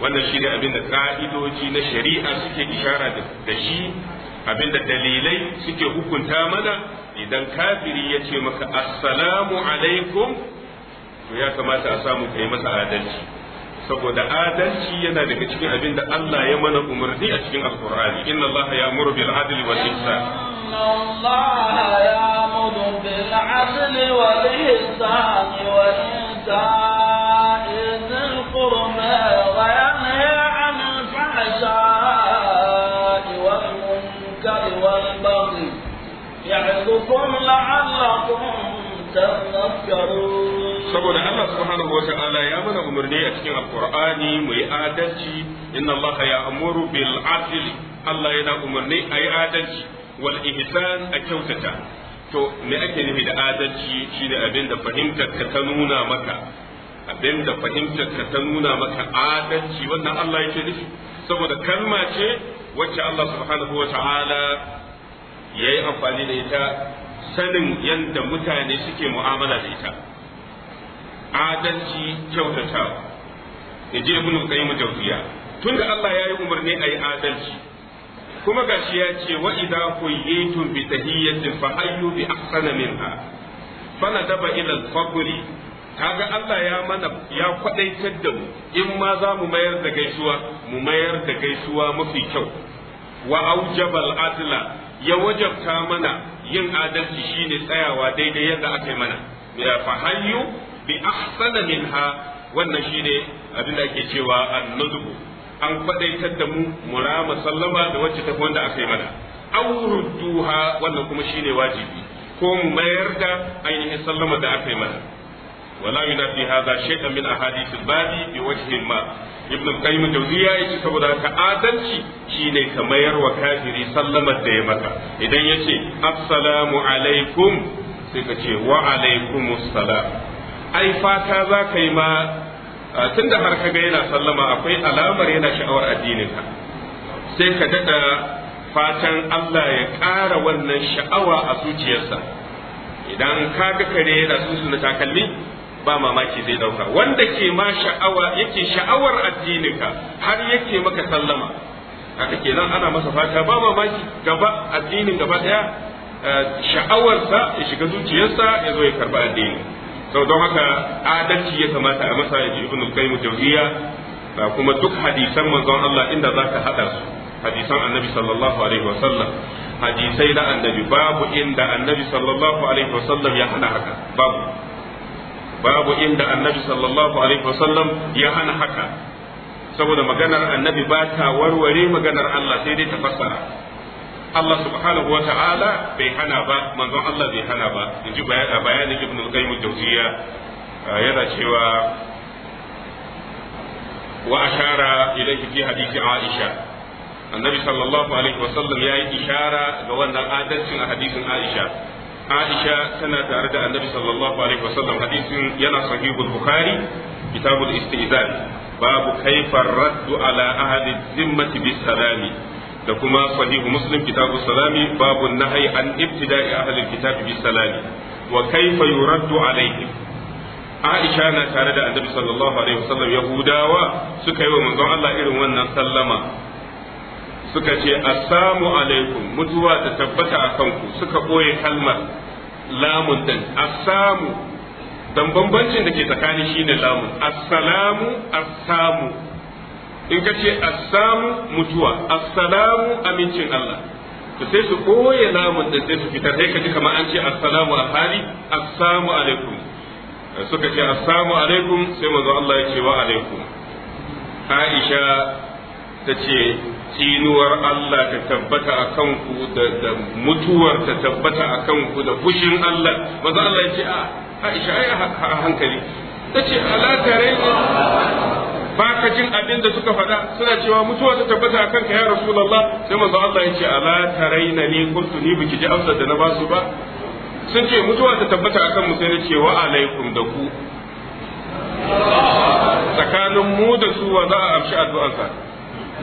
wannan shi ne abin ka'idoji na shari'a suke ishara da shi abinda dalilai suke hukunta mana idan kafiri ya ce maka assalamu alaikum to ya kamata a samu kai masa adalci saboda adalci yana daga cikin abinda Allah ya mana umarni a cikin alkur'ani inna Allaha ya muru bil adli wal ihsan إن الله يأمر بالعدل والإحسان وإيتاء ذي القربى وينهى عن الفحشاء والمنكر والبغي يعظكم لعلكم تذكرون saboda Allah subhanahu wa ta'ala ya mana umarni a cikin alqur'ani mu yi adalci inna Allah ya amuru bil adli Allah yana umarni a yi adalci wal ihsan a kyautata to me ake nufi da adalci shine abin da fahimtar ka ta nuna maka abin da fahimtar ka ta nuna maka adalci wannan Allah yake nufi saboda kalma ce wacce Allah subhanahu wata'ala yayi amfani da ita sanin yadda mutane suke mu'amala da ita adalci kyautatawa yaje ibnu qayyim jawziya tunda Allah ya yi umarni ayi adalci kuma gashi ya ce wa idza kuyitum bi tahiyyatin fa hayyu bi ahsana minha fana daba ila al kaga Allah ya mana ya kwadaitar da mu in ma za mu mayar da gaisuwa mu mayar da gaisuwa mafi kyau wa aujabal adla ya wajabta mana yin adalci shine tsayawa daidai yadda aka yi mana ya hayyu bi ahsana minha wannan shine abin ake cewa annudu an kwadaitar da mu murama sallama da wacce ta wanda aka yi mana aw rudduha wannan kuma shine wajibi ko mu mayar da ainihin sallama da aka yi mana wala fi hadha shay'an min ahadith al-babi bi wajhin ma ibn al-qayyim al yace saboda ka adalci shine ka mayar wa kafiri sallamar da ya maka idan yace assalamu alaikum sai ka ce wa alaikumus salam ai fata za ka yi ma tun da har ka ga yana sallama akwai alamar yana sha'awar addininka sai ka daɗa fatan Allah ya ƙara wannan sha'awa a zuciyarsa idan ka ga kare yana susuna takalmi ba mamaki zai ɗauka wanda ke ma sha'awa yake sha'awar addininka har yake maka sallama haka kenan ana masa fata ba mamaki gaba addinin gaba ɗaya eh, sha'awarsa ya shiga zuciyarsa ya zo ya karba addini sau don haka adalci ya kamata a masa yaji ibn al-qayyim jawziya kuma duk hadisan manzon Allah inda zaka hada su hadisan annabi sallallahu alaihi wasallam hadisai na annabi babu inda annabi sallallahu alaihi wasallam ya hana haka babu babu inda annabi sallallahu alaihi wasallam ya hana haka saboda maganar annabi ba ta warware maganar Allah sai dai ta fassara Allah subhanahu wa ta'ala bai hana ba manzon Allah bai hana ba in ji bayanin ibn al-qayyim al-jawziya yana cewa wa ashara ilayhi fi hadisi Aisha annabi sallallahu alaihi wa sallam yayi ishara ga wannan adalcin a hadisin Aisha Aisha tana tare da annabi sallallahu alaihi wa sallam hadisin yana sahihul bukhari kitabul istizan babu kaifar raddu ala ahli zimmati bis salami da kuma sahihu muslim kitabu salami babu nahyi an ibtida'i ahli kitabi bi salami wa kaifa yuraddu alayhi Aisha na tare da Annabi sallallahu alaihi wasallam Yahudawa suka yi wa Allah irin wannan sallama suka ce assalamu alaikum mutuwa ta tabbata a kanku suka ɓoye kalmar lamun din assamu dan bambancin da ke tsakanin shine lamun assalamu assamu in ka ce assamu mutuwa assalamu amincin Allah to sai su ɓoye lamun da sai su fitar sai ka ji kamar an ce assalamu alhali assamu alaikum suka ce assamu alaikum sai manzo Allah ya ce wa alaikum Aisha ta ce tsinuwar Allah ta tabbata a kanku da mutuwar ta tabbata a kanku da fushin Allah manzo Allah ya ce a ah, Aisha ai a hankali ta ce ala tare ba ka jin abin da suka faɗa suna cewa mutuwa ta tabbata a kanka ya rasulullah sai manzo Allah ya ce ala taraina ni kuntu ni biki ji amsar da na basu ba sun ce mutuwa ta tabbata akan mu sai na ce wa alaikum da ku tsakanin mu da su wa za a amshi addu'arsa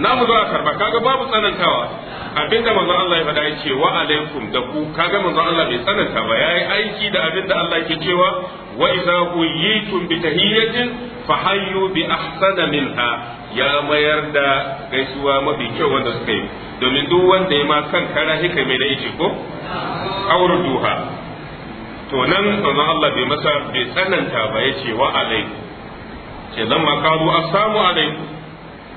na mu zo a karba kaga babu tsanantawa abinda manzon Allah ya faɗa ya ce wa alaikum da ku kaga manzon Allah bai tsananta ba yayi aiki da abinda Allah ke cewa wa idza quyitum bi tahiyatin fahayyu bi ahsana minha ya mayar da gaisuwa mafi kyau wanda suka yi domin duk wanda ya ma kan kara hika mai da yake ko aure duha to nan sanan Allah bai masa bai tsananta ba yace wa alai ce ma kawo assalamu alaikum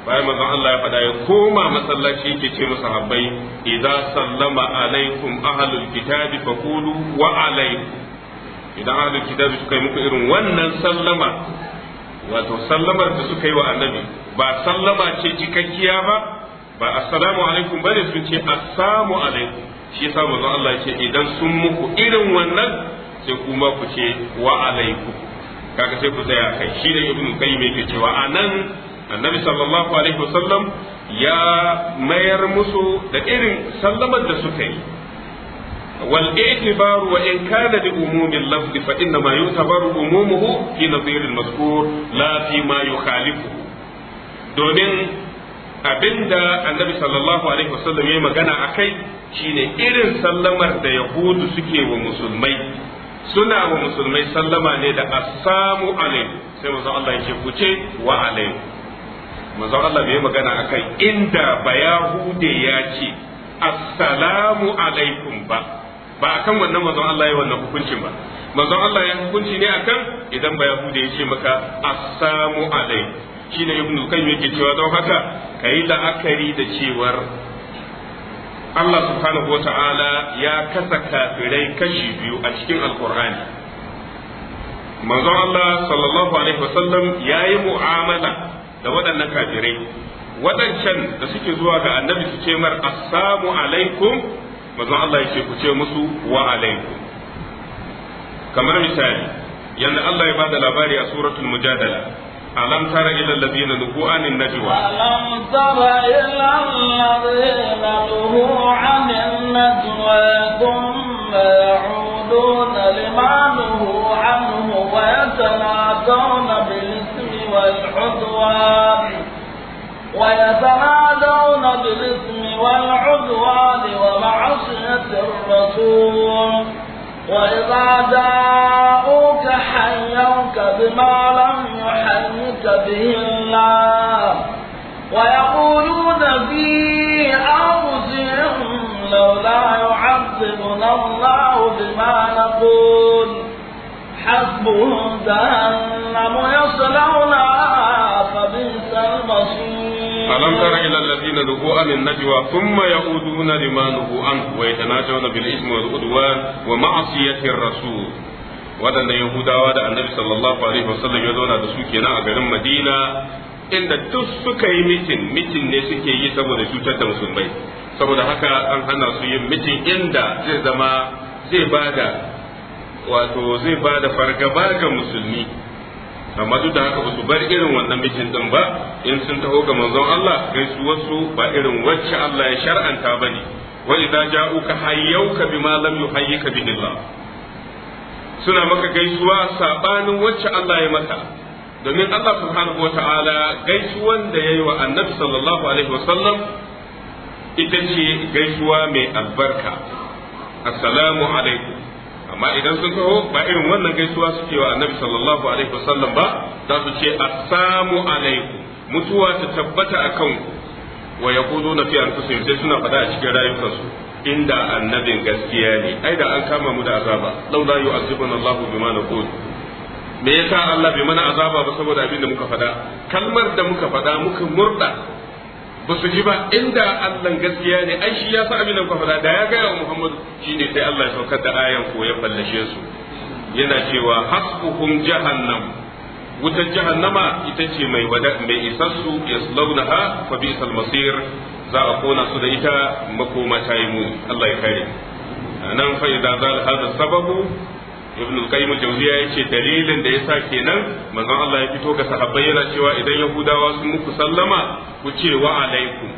bayan manzon Allah ya faɗa ya koma masallaci yake ce musu habbai idza sallama alaikum ahlul kitabi faqulu wa alaikum idan ahlul kitabi suka yi muku irin wannan sallama wato sallamar da suka yi wa annabi ba sallama ce cikakkiya ba ba assalamu alaikum bane sun ce assalamu alaikum shi yasa manzon Allah ce idan sun muku irin wannan sai kuma ku ce wa alaikum kaga sai ku tsaya kai shi da ibnu qayyim yake cewa anan annabi sallallahu alaihi wasallam ya mayar musu da irin sallamar da suka yi والاعتبار وإن كان لأموم اللفظ فإنما يعتبر أمومه في نظير المذكور لا فيما يخالفه دونين abinda annabi sallallahu alaihi wasallam ya magana a kai shine irin sallamar da yahudu suke wa musulmai suna wa musulmai sallama ne da assamu alaikum sai manzon Allah yake kuce wa alaikum manzon Allah bai magana a kai inda bayahude ya ce assalamu alaikum ba ba a kan wannan mazan Allah ya wannan hukuncin ba mazan Allah ya hukunci ne kan idan ba ya hude ya ce maka assamu alai shine ibnu kan yake cewa don haka ka yi la'akari da cewar Allah subhanahu wa ta'ala ya kasa kafirai kashi biyu a cikin alkur'ani manzon Allah sallallahu alaihi wasallam ya yi mu'amala da waɗannan kafirai waɗancan da suke zuwa ga annabi su ce mar assamu alaikum manzon Allah ya ce ku ce musu wa alaikum kamar misali yanda Allah ya bada labari a suratul mujadala alam tara ila alladhina nuhu anin najwa alam tara ila alladhina nuhu anin najwa thumma ya'uduna lima nuhu anhu wa yatanadawna bil ismi wal udwan ويتنادون الرسول وإذا جاءوك حيوك بما لم يحيك به الله ويقولون في أنفسهم لولا يعذبنا الله بما نقول حسبهم جهنم يصلونها فبئس المصير ألم تر إلى الذين نهوا عن النجوى an يعودون لما نهوا عنه ويتناجون بالإثم wa ومعصية الرسول waɗanda Yahudawa da annabi sallallahu alaihi wasallam ya zauna da su kenan a garin Madina inda duk suka yi mitin mitin ne suke yi saboda cutar da musulmai saboda haka an hana su yin mitin inda zai zama zai bada wato zai bada fargaba ga musulmi amma duk da haka ba su bar irin wannan bikin din ba in sun taho ga manzon Allah gaisuwar su ba irin wacce Allah ya shar'anta ba bane wa idza ja'uka hayyuka bima lam yuhayyika bi Allah suna maka gaisuwa sabanin wacce Allah ya maka domin Allah subhanahu wata'ala gaisuwan da yayi wa Annabi sallallahu alaihi wasallam ita ce gaisuwa mai albarka assalamu alaikum amma idan sun kawo ba irin wannan gaisuwa suke wa annabi sallallahu alaihi wasallam ba za su ce assalamu alaikum mutuwa ta tabbata a akan wa fiye fi anfusihim sai suna faɗa a cikin rayukansu inda annabin gaskiya ne ai da an kama mu da azaba law la yu'azzibuna Allahu bima naqul me yasa Allah bai mana azaba ba saboda abin da muka faɗa kalmar da muka faɗa muka murda ba su ji ba inda Allah gaskiya ne ai shi ya sa abin kwafara da ya gaya wa Muhammad shine sai Allah ya saukar da ayan ko ya fallashe su yana cewa hasbuhum jahannam wutar jahannama ita ce mai wada mai isassu yaslawnaha fa bisal masir za a kona su da ita makoma ta yi mu Allah ya kare nan fa idza zal sababu ibn al-qayyim al-jawziya yace dalilin da yasa kenan manzon Allah ya fito ga sahabbai yana cewa idan yahudawa sun muku sallama ku ce wa alaikum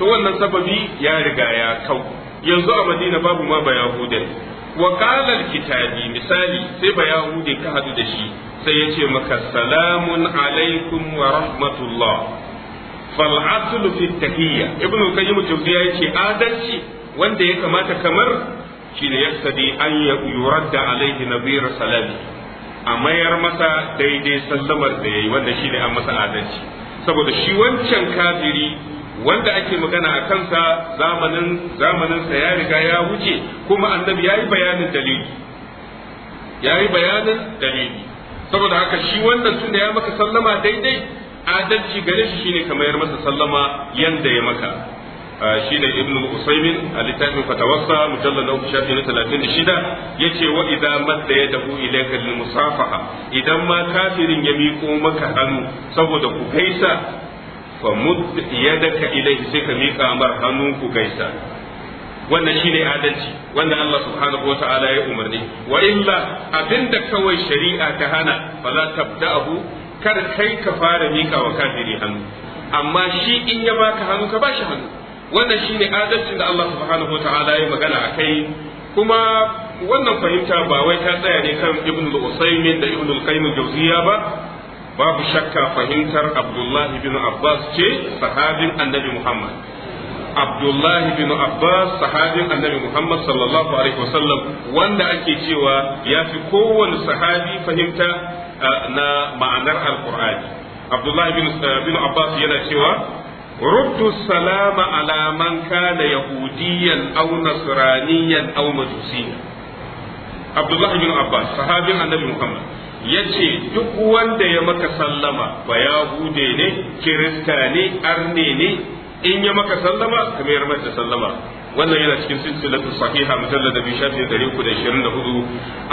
to wannan sababi ya riga ya kau yanzu a madina babu ma ba yahudai wa qala al-kitabi misali sai ba yahudi ka hadu da shi sai yace maka salamun alaikum wa rahmatullah fal aslu fi tahiyya ibn al-qayyim al-jawziya yace adalci wanda ya kamata kamar shine sadi an da alaihi nabir salami a mayar masa daidai sallamar da yayi wanda shine an masa adalci saboda shi wancan kafiri wanda ake magana a kansa zamanin zamanin sa ya riga ya wuce kuma annabi ya yi bayanin dalili ya yi bayanin dalili saboda haka shi wannan tunda ya maka sallama daidai adalci gare shi shine ka mayar masa sallama yanda ya maka shine ibn al-usaymin a littafin fatawassa mujallar na shafi na 36 yace wa idza dahu yadahu ilayka lil musafaha idan ma kafirin ya miko maka hannu saboda ku gaisa fa mud yadaka ilayhi sai ka mika mar ku gaisa wannan shine adalci wanda Allah subhanahu wa ta'ala ya umarni wa abinda kawai shari'a ta hana fa za tabda'ahu kar kai ka fara mika wa kafiri hannu amma shi in ya baka hannu ka bashi hannu wannan ne adalcin da Allah subhanahu wataala ya magana a kai kuma wannan fahimta ba wai ta tsaya ne kan ibn al-usaymin da ibn al-qayyim jawziya ba babu shakka fahimtar abdullahi bin abbas ce sahabin annabi muhammad abdullahi bin abbas sahabin annabi muhammad sallallahu alaihi wasallam wanda ake cewa ya fi kowane sahabi fahimta eh, na ma'anar alqur'ani abdullahi bin eh, abbas yana cewa السلام salama من كان يهوديا yahudiyan نصرانيا nasraniyan مجوسيا عبد abdullahi bin عباس sahabin النبي محمد yace duk wanda ya maka sallama ba hude ne kirista ne arne ne in ya maka sallama ka mayar masa sallama wannan yana cikin silsilatu sahiha mujallad bi shafi 324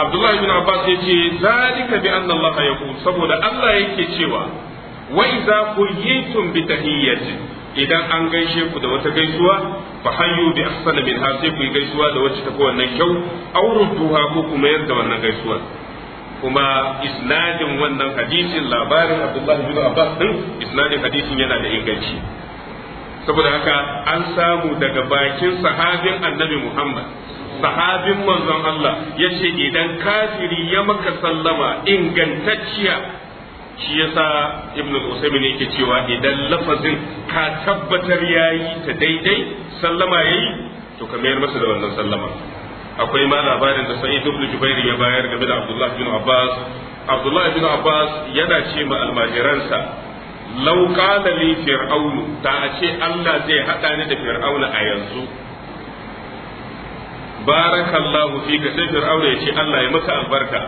Abdullah ibn Abbas yace zalika bi anna Allah yaqul saboda Allah yake cewa wa idza quyitum bi tahiyyatin idan an gaishe ku da wata gaisuwa fa hayyu bi ahsan min sai ku gaisuwa da wacce ta wannan kyau aw rudduha ko kuma yadda wannan gaisuwa kuma isnadin wannan hadisin labarin Abdullah bin Abbas din isnadin hadisin yana da inganci saboda haka an samu daga bakin sahabin Annabi Muhammad sahabin manzon Allah yace idan kafiri ya maka sallama ingantacciya shi yasa ibn al-usaymin yake cewa idan lafazin ka tabbatar yayi ta daidai sallama yayi to ka mayar masa da wannan sallama akwai ma labarin da sa'id ibn jubair ya bayar game da abdullah ibn abbas abdullah ibn abbas yana ce ma almajiransa law qala li fir'aun da a ce Allah zai hada ni da fir'auna a yanzu barakallahu fika sai fir'aun ya ce Allah ya maka albarka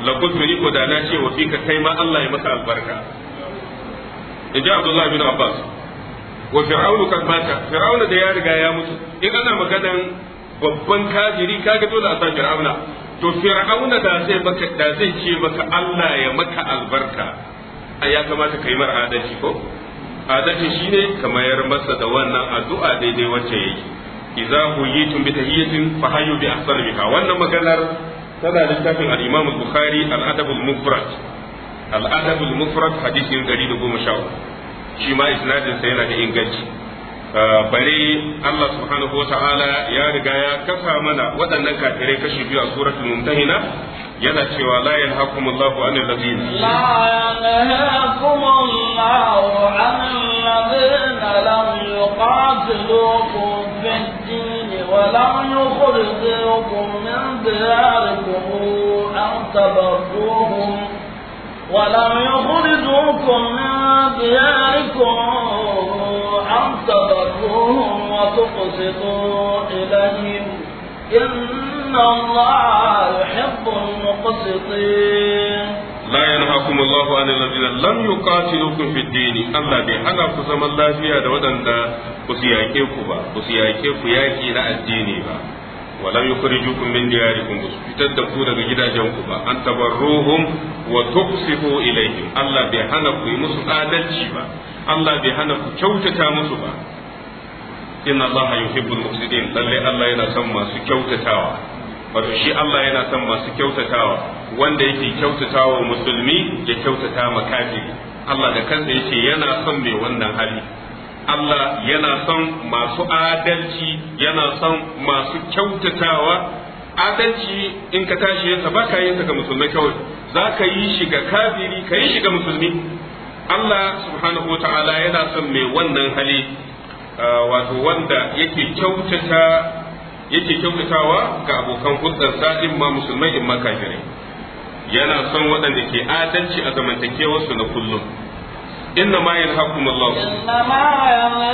Lagos gudmini ko da na ce wa fika kai ma Allah ya masa albarka inji Abdullah bin Abbas wa fir'aunu kan mata fir'auna da ya riga ya mutu in ana maganan babban kajiri kaga dole a san fir'auna to fir'auna da zai baka da zai ce baka Allah ya maka albarka a ya kamata kai mar adalci ko adalci shine mayar masa da wannan addu'a daidai wacce yake idza huyitum bi tahiyyatin fa hayyu bi ahsani minha wannan maganar tana littafin al-Imam al-Bukhari al-Adab al-Mufrad al-Adab al-Mufrad hadisin 113 shi ma isnadin sa yana da inganci bare Allah subhanahu wa ya riga ya kasa mana waɗannan kafirai kashi biyu a suratul mumtahina yana cewa la yanhaqum anil ladina la yanhaqum ولم يخرجوكم من دياركم أن تبروهم ولم يخرجوكم من دياركم أن تبروهم وتقسطوا إليهم إن الله يحب المقسطين la yanhaakum Allahu anil ladina lam yuqatilukum fid din Allah bai hana ku zaman lafiya da waɗanda ku su yake ku ba ku su yake ku yaki na addini ba walam yukhrijukum min diyarikum bus fitar da ku daga gidajen ku ba an tabarruhum wa tuqsitu ilayhim Allah bai hana ku yi musu adalci ba Allah bai hana ku kyautata musu ba inna Allah yuhibbul muqsitin lalle Allah yana son masu kyautatawa wato shi Allah yana son masu kyautatawa wanda yake kyautatawa musulmi ya kyautata ma kafiri Allah da kansa yake yana son mai wannan hali Allah yana son masu adalci yana son masu kyautatawa adalci in ka tashi yasa ba ka yi ga musulmi kawai za ka yi shi ga kafiri ka yi shi ga musulmi Allah subhanahu wa ta'ala yana son mai wannan hali uh, wato wanda yake kyautata yake kyautatawa ga abokan hulɗarsa in ma musulmai in ma kafirai yana son waɗanda ke adalci a zamantakewarsu na kullum inna ma yalhaqukum Allah inna ma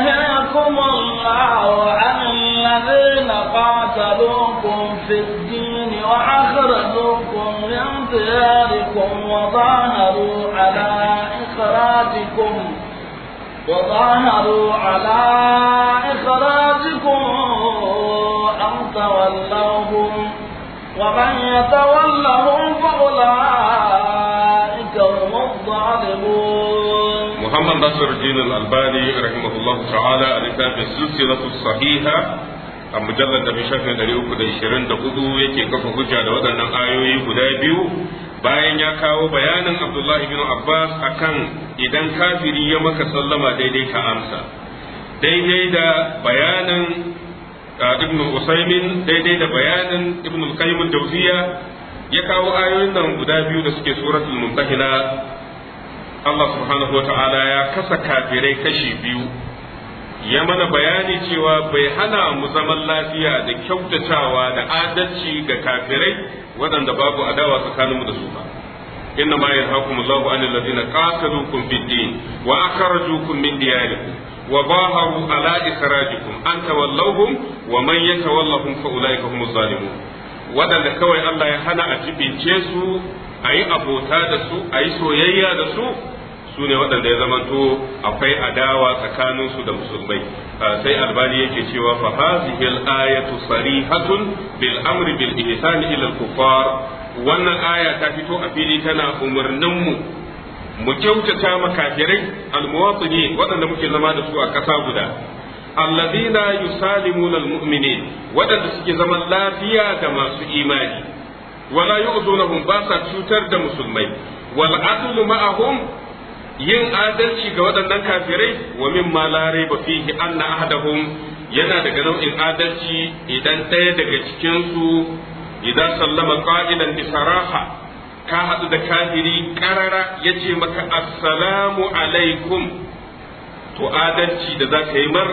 yalhaqukum Allah alladhina qatalukum fid din wa akhrajukum min diyarikum wa dhaharu ala ikhrajikum wa dhaharu ala ikhrajikum يتولوهم ومن يتولهم فأولئك هم الظالمون محمد نصر الدين الألباني رحمه الله تعالى الكتاب السلسلة الصحيحة a mujallar da bishafin ɗari uku da ishirin da hudu yake kafa hujja da waɗannan ayoyi guda biyu bayan ya kawo bayanin abdullahi ibn abbas akan idan kafiri ya maka sallama daidai ka amsa daidai da bayanin ibn usaimin daidai da bayanin ibn al-qayyim ya kawo ayoyin nan guda biyu da suke suratul mumtahina Allah subhanahu ya kasa kafirai kashi biyu ya mana bayani cewa bai hana mu zaman lafiya da kyautatawa da adalci ga kafirai waɗanda babu adawa tsakaninmu da su ba inna ma yanhaakum Allahu anil ladina qataluukum fid din wa akhrajuukum min diyarikum wa baharu ala ikhrajikum an tawallahum wa man yatawallahum fa ulaika humu zalimun wadanda kawai Allah ya hana a jibince su a yi abota da su a yi soyayya da su su ne waɗanda ya zamanto akwai adawa tsakaninsu da musulmai sai albani yake cewa fa hazihi al-ayatu sarihatun bil amri bil ihsan wannan aya ta fito a fili tana umarnin mu mu kyautata makafirai almuwatini waɗanda muke zama da su a ƙasa guda allazina yusalimuna almu'minin waɗanda suke zaman lafiya da masu imani wala yu'dunahum ba sa cutar da musulmai wal adlu ma'ahum yin adalci ga waɗannan kafirai wa mimma la raiba fihi anna ahadahum yana daga nau'in adalci idan ɗaya daga cikin su idan sallama qa'ilan bi saraha ka haɗu da kafiri ƙarara ya ce maka assalamu alaikum to adalci da za ka yi mar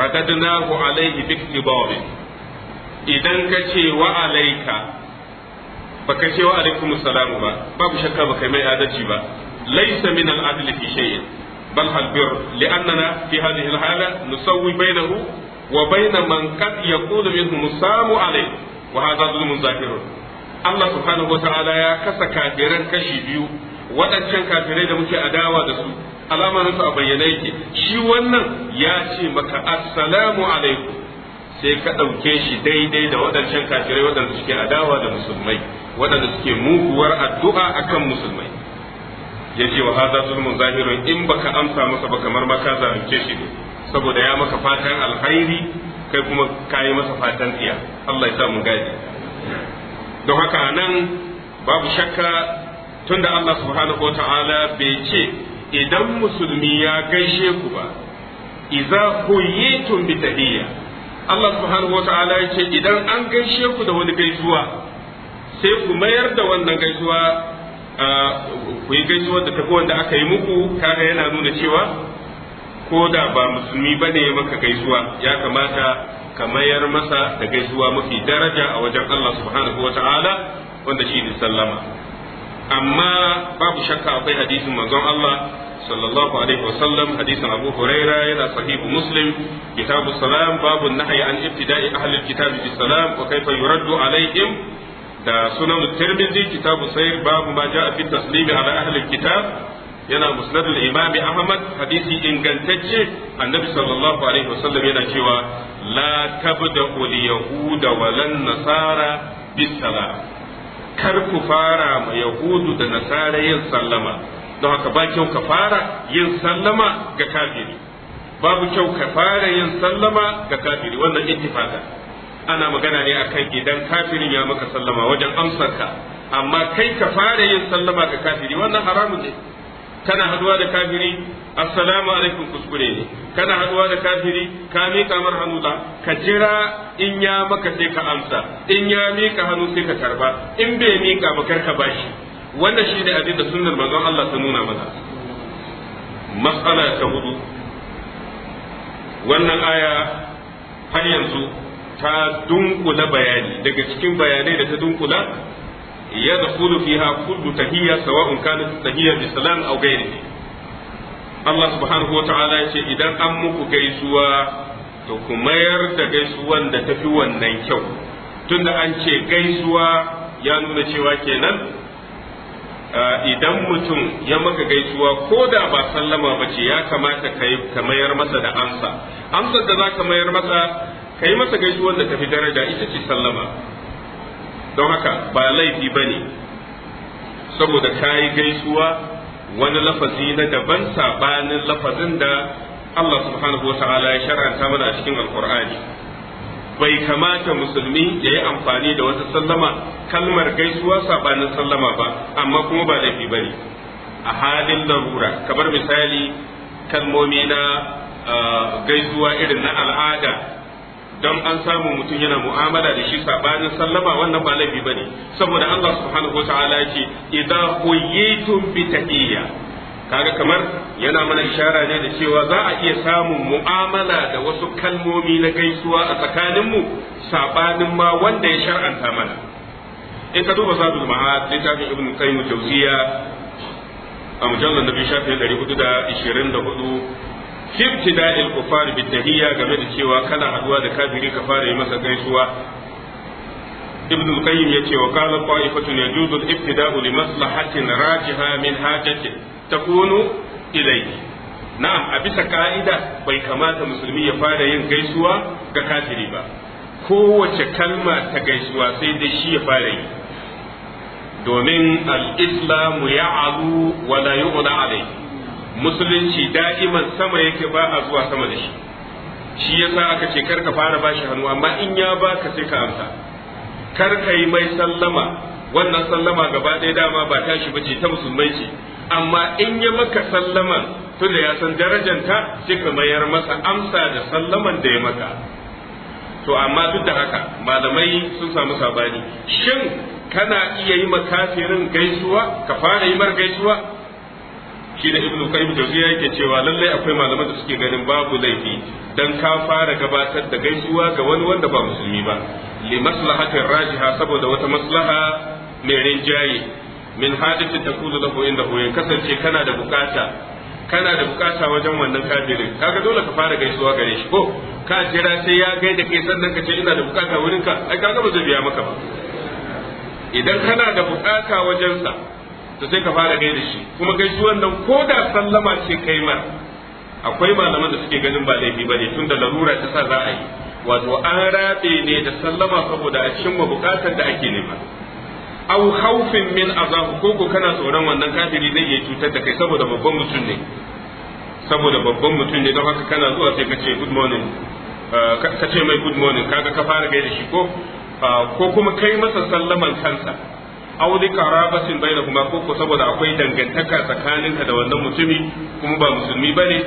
radadnahu alaihi bi ibari idan ka ce wa alaika baka ce wa alaikum assalamu ba babu shakka baka mai adalci ba laysa min al adl fi shay bal hal bir li annana fi hadhihi al hala nusawwi bainahu wa bain man qad yaqulu minhu musamu alayhi wa hadha dhulmun zahirun Allah subhanahu wataala ya kasa kafiran kashi biyu waɗancan kafirai da muke adawa da su alamarin su a bayyana yake shi wannan ya ce maka assalamu alaikum sai ka ɗauke shi daidai da waɗancan kafirai waɗanda suke adawa da musulmai waɗanda suke muguwar addu'a akan musulmai ya ce wa haza zulmun zahirun in baka amsa masa ba kamar ma ka zalunce shi ne saboda ya maka fatan alkhairi kai kuma ka yi masa fatan tsiya Allah ya sa mu gadi don haka nan babu shakka tunda Allah subhanahu wa ta'ala bai ce idan musulmi ya gaishe ku ba idza huyitum bi tahiyya Allah subhanahu wa ta'ala ya ce idan an gaishe ku da wani gaisuwa sai ku mayar da wannan gaisuwa ku yi gaisuwa da tafi wanda aka yi muku kaga yana nuna cewa ko da ba musulmi bane maka gaisuwa ya kamata ka mayar masa da gaisuwa mafi daraja a wajen Allah subhanahu wata'ala wanda shi ne sallama amma babu shakka akwai hadisin manzon Allah sallallahu alaihi sallam hadisin Abu Huraira yana sahihu Muslim kitabu salam babu nahyi an ibtida'i ahli kitabi bis salam wa kayfa yuraddu alaihim da sunan Tirmidhi kitabu sayr babu ma ja'a fi taslimi ala ahli kitab yana musnadul imami ahmad hadisi ingantacce annabi sallallahu alaihi wasallam yana cewa la tabda ul yahuda walan nasara bisala kar ku fara ma yahudu da nasara yin sallama don haka ba kyau ka fara yin sallama ga kafiri babu kyau ka fara yin sallama ga kafiri wannan ittifaka ana magana ne akan idan kafirin ya maka sallama wajen amsarka amma kai ka fara yin sallama ga kafiri wannan haramun ne kana haduwa da kafiri assalamu alaikum kuskure ne kana haduwa da kafiri ka miƙa mar hannu da ka jira in ya maka sai ka amsa in ya miƙa hannu sai ka karba in bai miƙa ba kar ka bashi wannan ne abin da sunnar manzon Allah ta nuna mana mas'ala ta hudu wannan aya har yanzu ta dunkula bayani daga cikin bayanai da ta dunkula يدخل فيها كل تهية سواء كانت تهية بالسلام أو غيره Allah subhanahu wa ta'ala ya ce idan an muku gaisuwa to ku mayar da gaisuwan da tafi wannan kyau tunda an ce gaisuwa ya nuna cewa kenan idan mutum ya maka gaisuwa ko da ba sallama ba ce ya kamata ka mayar masa da amsa amsar da za ka mayar masa ka yi masa gaisuwan da tafi daraja ita ce sallama don haka ba laifi ba ne saboda ka yi gaisuwa wani lafazi na daban sabanin lafazin da Allah subhanahu wa ta'ala ya shar'anta mana a cikin alkur'ani bai kamata musulmi ya yi amfani da wata sallama kalmar gaisuwa sabanin sallama ba amma kuma ba laifi ba ne a halin larura kamar misali kalmomi na ah, gaisuwa irin na al'ada don an samu mutum yana mu'amala da shi sabanin sallama wannan ba laifi bane saboda Allah subhanahu wataala ce idza huyitum bi taqiyya kaga kamar yana mana ishara ne da cewa za a iya samun mu'amala da wasu kalmomi na gaisuwa a tsakanin mu sabanin ma wanda ya shar'anta mana in ka duba zadul ma'ad littafin ibn qayyim jawziya a mujallal nabi shafi 424 ibtida'il kufar bitahiyya game da cewa kana haduwa da kafiri ka fara yi masa gaisuwa ibn al-qayyim yace wa qala qa'ifatun yajuzu al-ibtida'u li maslahatin rajiha min hajatin takunu ilayhi na'am a bisa ka'ida bai kamata musulmi ya fara yin gaisuwa ga kafiri ba kowace kalma ta gaisuwa sai dai shi ya fara yi domin al-islamu ya'alu wa la yu'la alayhi musulunci da'iman sama yake ba a zuwa sama da shi shi yasa aka ce kar ka fara bashi hannu amma in ya ba ka sai ka amsa kar ka yi mai sallama wannan sallama gaba ɗaya dama ba tashi bace ta musulmai ce amma in ya maka sallama tunda ya san darajanta sai ka mayar masa amsa da sallaman da ya maka to amma duk da haka malamai sun samu sabani shin kana iya yi makafirin gaisuwa ka fara yi mar gaisuwa shi da ibnu qayyim jawziya yake cewa lallai akwai malaman da suke ganin babu laifi dan ka fara gabatar da gaisuwa ga wani wanda ba musulmi ba li maslahatin rajiha saboda wata maslaha mai rinjaye min hadatin da ko inda ya kasance kana da bukata kana da bukata wajen wannan kafirin kaga dole ka fara gaisuwa gare shi ko ka jira sai ya da kai sannan ka ce ina da bukata wurin ka ai kaga ba zai biya maka ba idan kana da bukata wajen sa to sai ka fara gaida shi kuma kai gaisuwan nan ko da sallama ce kai mar akwai malaman da suke ganin ba laifi ba ne tun da larura ta sa za a yi wato an rabe ne da sallama saboda a ma bukatar da ake nema aw khawfin min azab ko ko kana tsoron wannan kafiri zai iya cutar da kai saboda babban mutum ne saboda babban mutum ne don haka kana zuwa sai ka ce good morning ah, ka ce mai good morning kaga ka fara gaida shi ko ah, ko kuma kai masa sallaman kansa aw li qarabatin bainahuma ko ko saboda akwai dangantaka tsakaninka da wannan mutumi kuma ba musulmi bane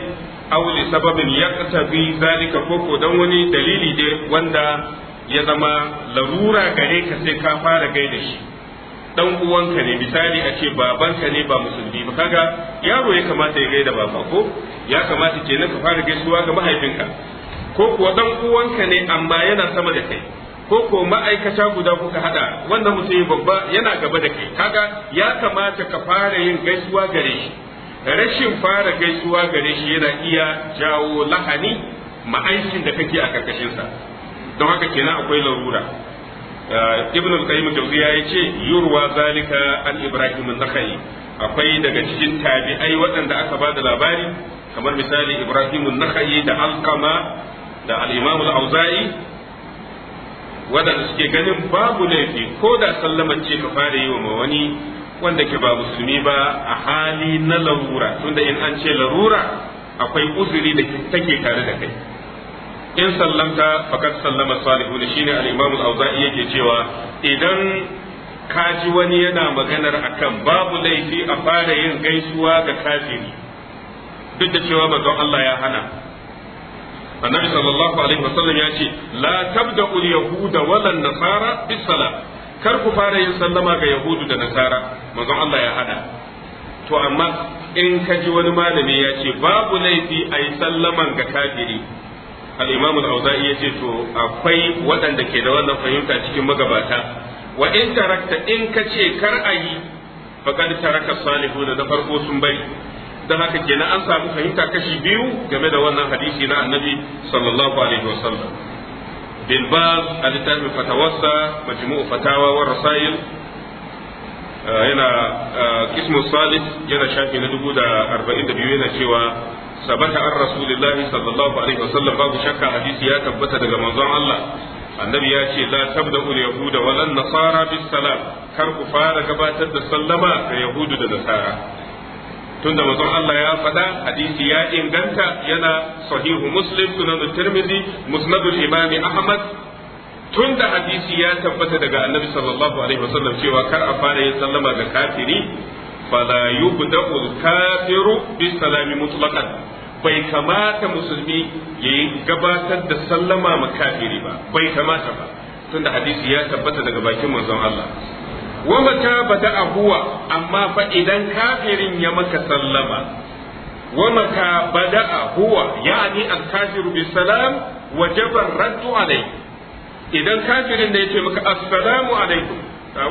aw li sababin yaqtabi zalika ko ko dan wani dalili da wanda ya zama larura gare ka sai ka fara gaida shi dan uwanka ne misali a ce babanka ne ba musulmi ba kaga yaro ya kamata ya gaida baba ko ya kamata kenan ka fara gaisuwa ga mahaifinka ko kuwa dan uwanka ne amma yana sama da kai ko ko ma'aikata guda kuka hada wannan mutum babba yana gaba da kai kaga ya kamata ka fara yin gaisuwa gare shi rashin fara gaisuwa gare shi yana iya jawo lahani ma'aikin da kake a karkashinsa don haka kenan akwai larura eh, ibn al-qayyim jawziya ce, yurwa zalika an ibrahim an-nakhai akwai daga cikin tabi'ai waɗanda aka bada labari kamar misali ibrahim an-nakhai da alqama da al-imam al-auza'i waɗanda suke ganin babu laifi ko da sallama ce ka fara yi wa wani wanda ke ba musulmi ba a hali na larura tunda in an ce larura akwai uzuri da take tare da kai in sallamta fakat sallama salihu ne shine al-imamu al-auza'i yake cewa idan ka ji wani yana maganar akan babu laifi a fara yin gaisuwa ga kafiri duk da cewa manzon Allah ya hana annabi sallallahu alaihi wasallam ya ce la tabda'u yahuda wala nasara bis kar ku fara yin sallama ga yahudu da nasara manzon Allah ya hada to amma in ka ji wani malami ya ce babu laifi a yi sallaman ga kabiri. al-imam al-auza'i ce to akwai waɗanda ke da wannan fahimta cikin magabata wa in in ka ce kar a yi faqad taraka salihuna da farko sun bari don haka kenan an samu fahimta kashi biyu game da wannan hadisi na annabi sallallahu alaihi wasallam bil baz al-tarmi fatawassa majmu'u fatawa wa rasail yana kismu salih yana shafi na dubu da arba'in da biyu yana cewa sabata an rasulillahi sallallahu alaihi wasallam babu shakka hadisi ya tabbata daga manzon Allah annabi ya ce la tabda'u al-yahuda wa lan nasara bis salam kar ku fara gabatar da sallama ga yahudu da nasara tunda manzon Allah ya faɗa hadisi ya inganta yana sahihu muslim sunan tirmidhi musnadul imam ahmad tunda hadisi ya tabbata daga annabi sallallahu alaihi wasallam cewa kar a fara yin sallama ga kafiri fala yubda'u kafiru bi salami mutlaqan bai kamata musulmi yayi gabatar da sallama ma kafiri ba bai kamata ba tunda hadisi ya tabbata daga bakin manzon Allah wa mata bada huwa amma fa idan kafirin ya maka sallama wa mata bada huwa yani al-kafiru bi salam wajaba raddu alayhi idan kafirin da yace maka assalamu alaikum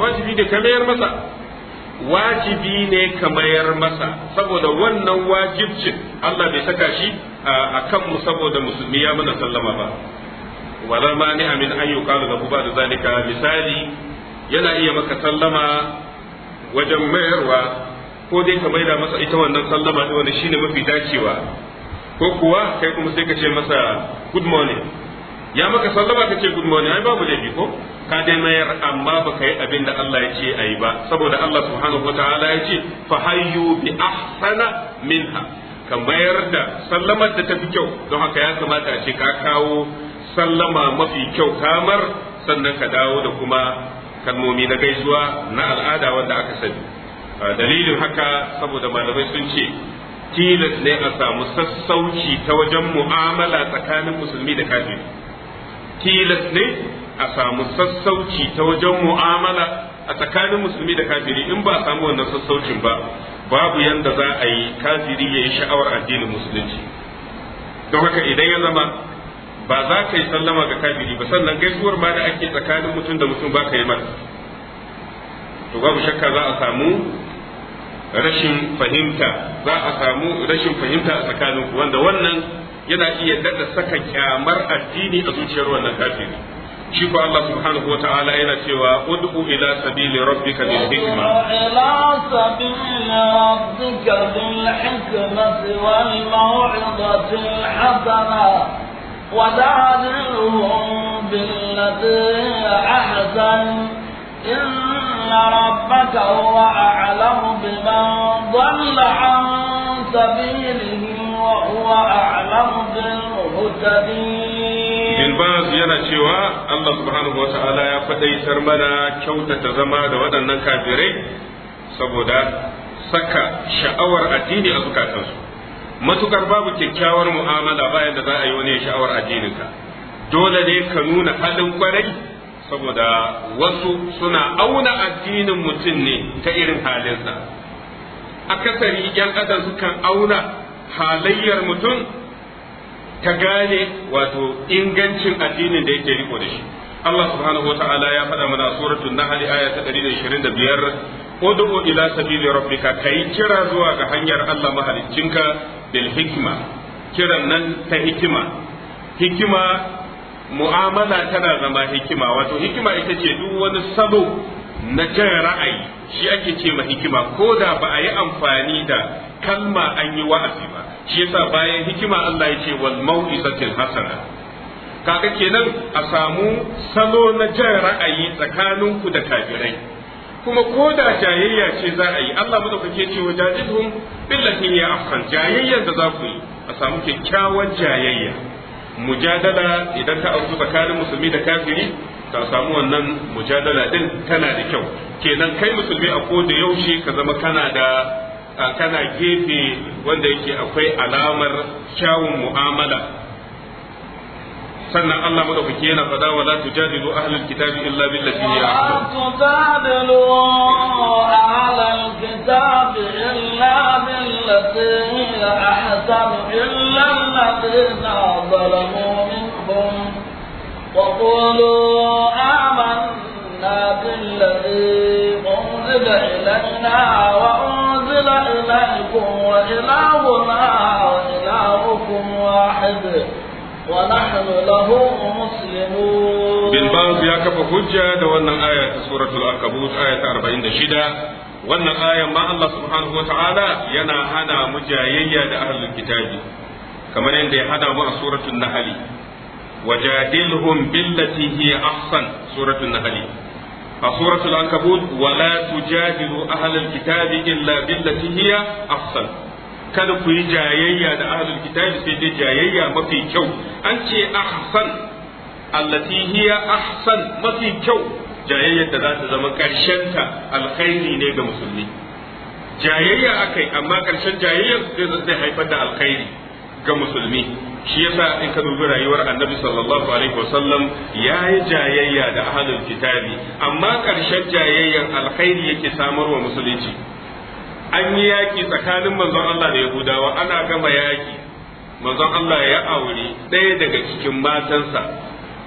wajibi da kamar masa wajibi ne ka mayar masa saboda wannan wajibcin Allah bai saka shi a mu saboda musulmi ya mana sallama ba wala ma amin ayyuka da lahu ba da zalika misali yana iya maka sallama wajen mayarwa ko dai ka maida masa ita wannan sallama ta wani shine mafi dacewa ko kuwa kai kuma sai ka ce masa good morning ya maka sallama ka ce good morning ai babu laifi ko ka dai mayar amma baka yi abin da Allah ya ce ayi ba saboda Allah subhanahu wataala ya ce fa hayyu bi ahsana minha ka mayar da sallamar da tafi kyau don haka ya kamata a ce ka kawo sallama mafi kyau kamar sannan ka dawo da kuma kalmomi na gaisuwa na al'ada wanda aka sani dalilin haka saboda malamai sun ce tilas ne a samu sassauci ta wajen mu'amala tsakanin musulmi da kafiri tilas ne a samu sassauci ta wajen mu'amala a tsakanin musulmi da kafiri in ba a samu wannan sassaucin ba babu yadda za a yi kafiri ya yi sha'awar addinin musulunci don haka idan ya zama ba za ka yi sallama ga kafiri ba sannan gaisuwar ma da ake tsakanin mutum da mutum ba ka yi masa to babu shakka za a samu rashin fahimta za a samu rashin fahimta a tsakanin ku wanda wannan yana iya dada saka kyamar addini a zuciyar wannan kafiri shi ko Allah subhanahu wa ta'ala yana cewa ud'u ila sabili rabbika bil hikma ila sabili rabbika bil hikmati wal maw'izati hasana وجادلهم بالتي أحسن إن ربك هو أعلم بمن ضل عن سبيله وهو أعلم بالمهتدين Bilbas yana cewa Allah subhanahu wa ta'ala ya faɗaitar mana kyautata zama da waɗannan kafirai saboda saka sha'awar addini a zukatansu. matukar babu kyakkyawar mu'amala bayan da za a yi wani sha'awar addininka dole ne ka nuna halin kwarai saboda wasu suna auna addinin mutum ne ta irin halinsa akasari yan adam sukan auna halayyar mutum ta gane wato ingancin addinin da yake riko da shi Allah subhanahu wa ta'ala ya faɗa mana na nahl aya ta 125 ud'u ila sabili rabbika kai kira zuwa ga hanyar Allah mahaliccinka bil hikma kiran nan ta hikima hikima mu'amala tana zama hikima wato hikima ita ce duk wani salo na jan ra'ayi shi ake ce ma hikima ko da ba a yi amfani da kalma an yi wa'azi ba shi yasa bayan hikima Allah ya ce wal mau'izatil hasana kaga kenan a samu salo na jan ra'ayi tsakaninku da kafirai kuma ko da jayayya ce za a yi Allah madaukake ce wa jadidhum billati ya afkan jayayyan da za ku yi a samu kyakkyawan jayayya mujadala idan ta auku tsakanin musulmi da kafiri ka samu wannan mujadala din tana da kyau kenan kai musulmi a ko da yaushe ka zama kana da kana gefe wanda yake akwai alamar kyawun mu'amala sannan Allah madaukaki yana fada wa la tujadilu ahlul kitabi illa billati hiya ahsan tujadilu ahlul kitabi illa billati hiya ahsan illa alladhina zalamu minhum وقولوا آمنا بالذي أنزل إلينا وأنزل إليكم وإلهنا وإلهكم واحد ونحن له مسلمون بالباز يا كف حجة دوانا آية سورة الأنكبوت آية 46 wannan ayan ma Allah subhanahu wa ta'ala yana hana mu jayayya da ahlul kitabi kamar yadda ya hana mu a suratul nahl wajadilhum billati hiya ahsan suratul nahl a suratul ankabut wala tujadilu ahlul kitabi illa billati hiya kada ku yi jayayya da ahlul kitabi sai dai jayayya mafi kyau an ce ahsan allati hiya ahsan mafi kyau jayayyar da za ta zama karshen ta alkhairi ne ga musulmi jayayya akai amma karshen jayayyar zai haifar da alkhairi ga musulmi shi yasa in ka dubi rayuwar annabi sallallahu alaihi wasallam ya yi jayayya da ahlul kitabi amma karshen jayayyan alkhairi yake samarwa musulunci an yi yaƙi tsakanin manzon Allah da Yahudawa ana gama yaƙi. manzon Allah ya aure ɗaya daga cikin matansa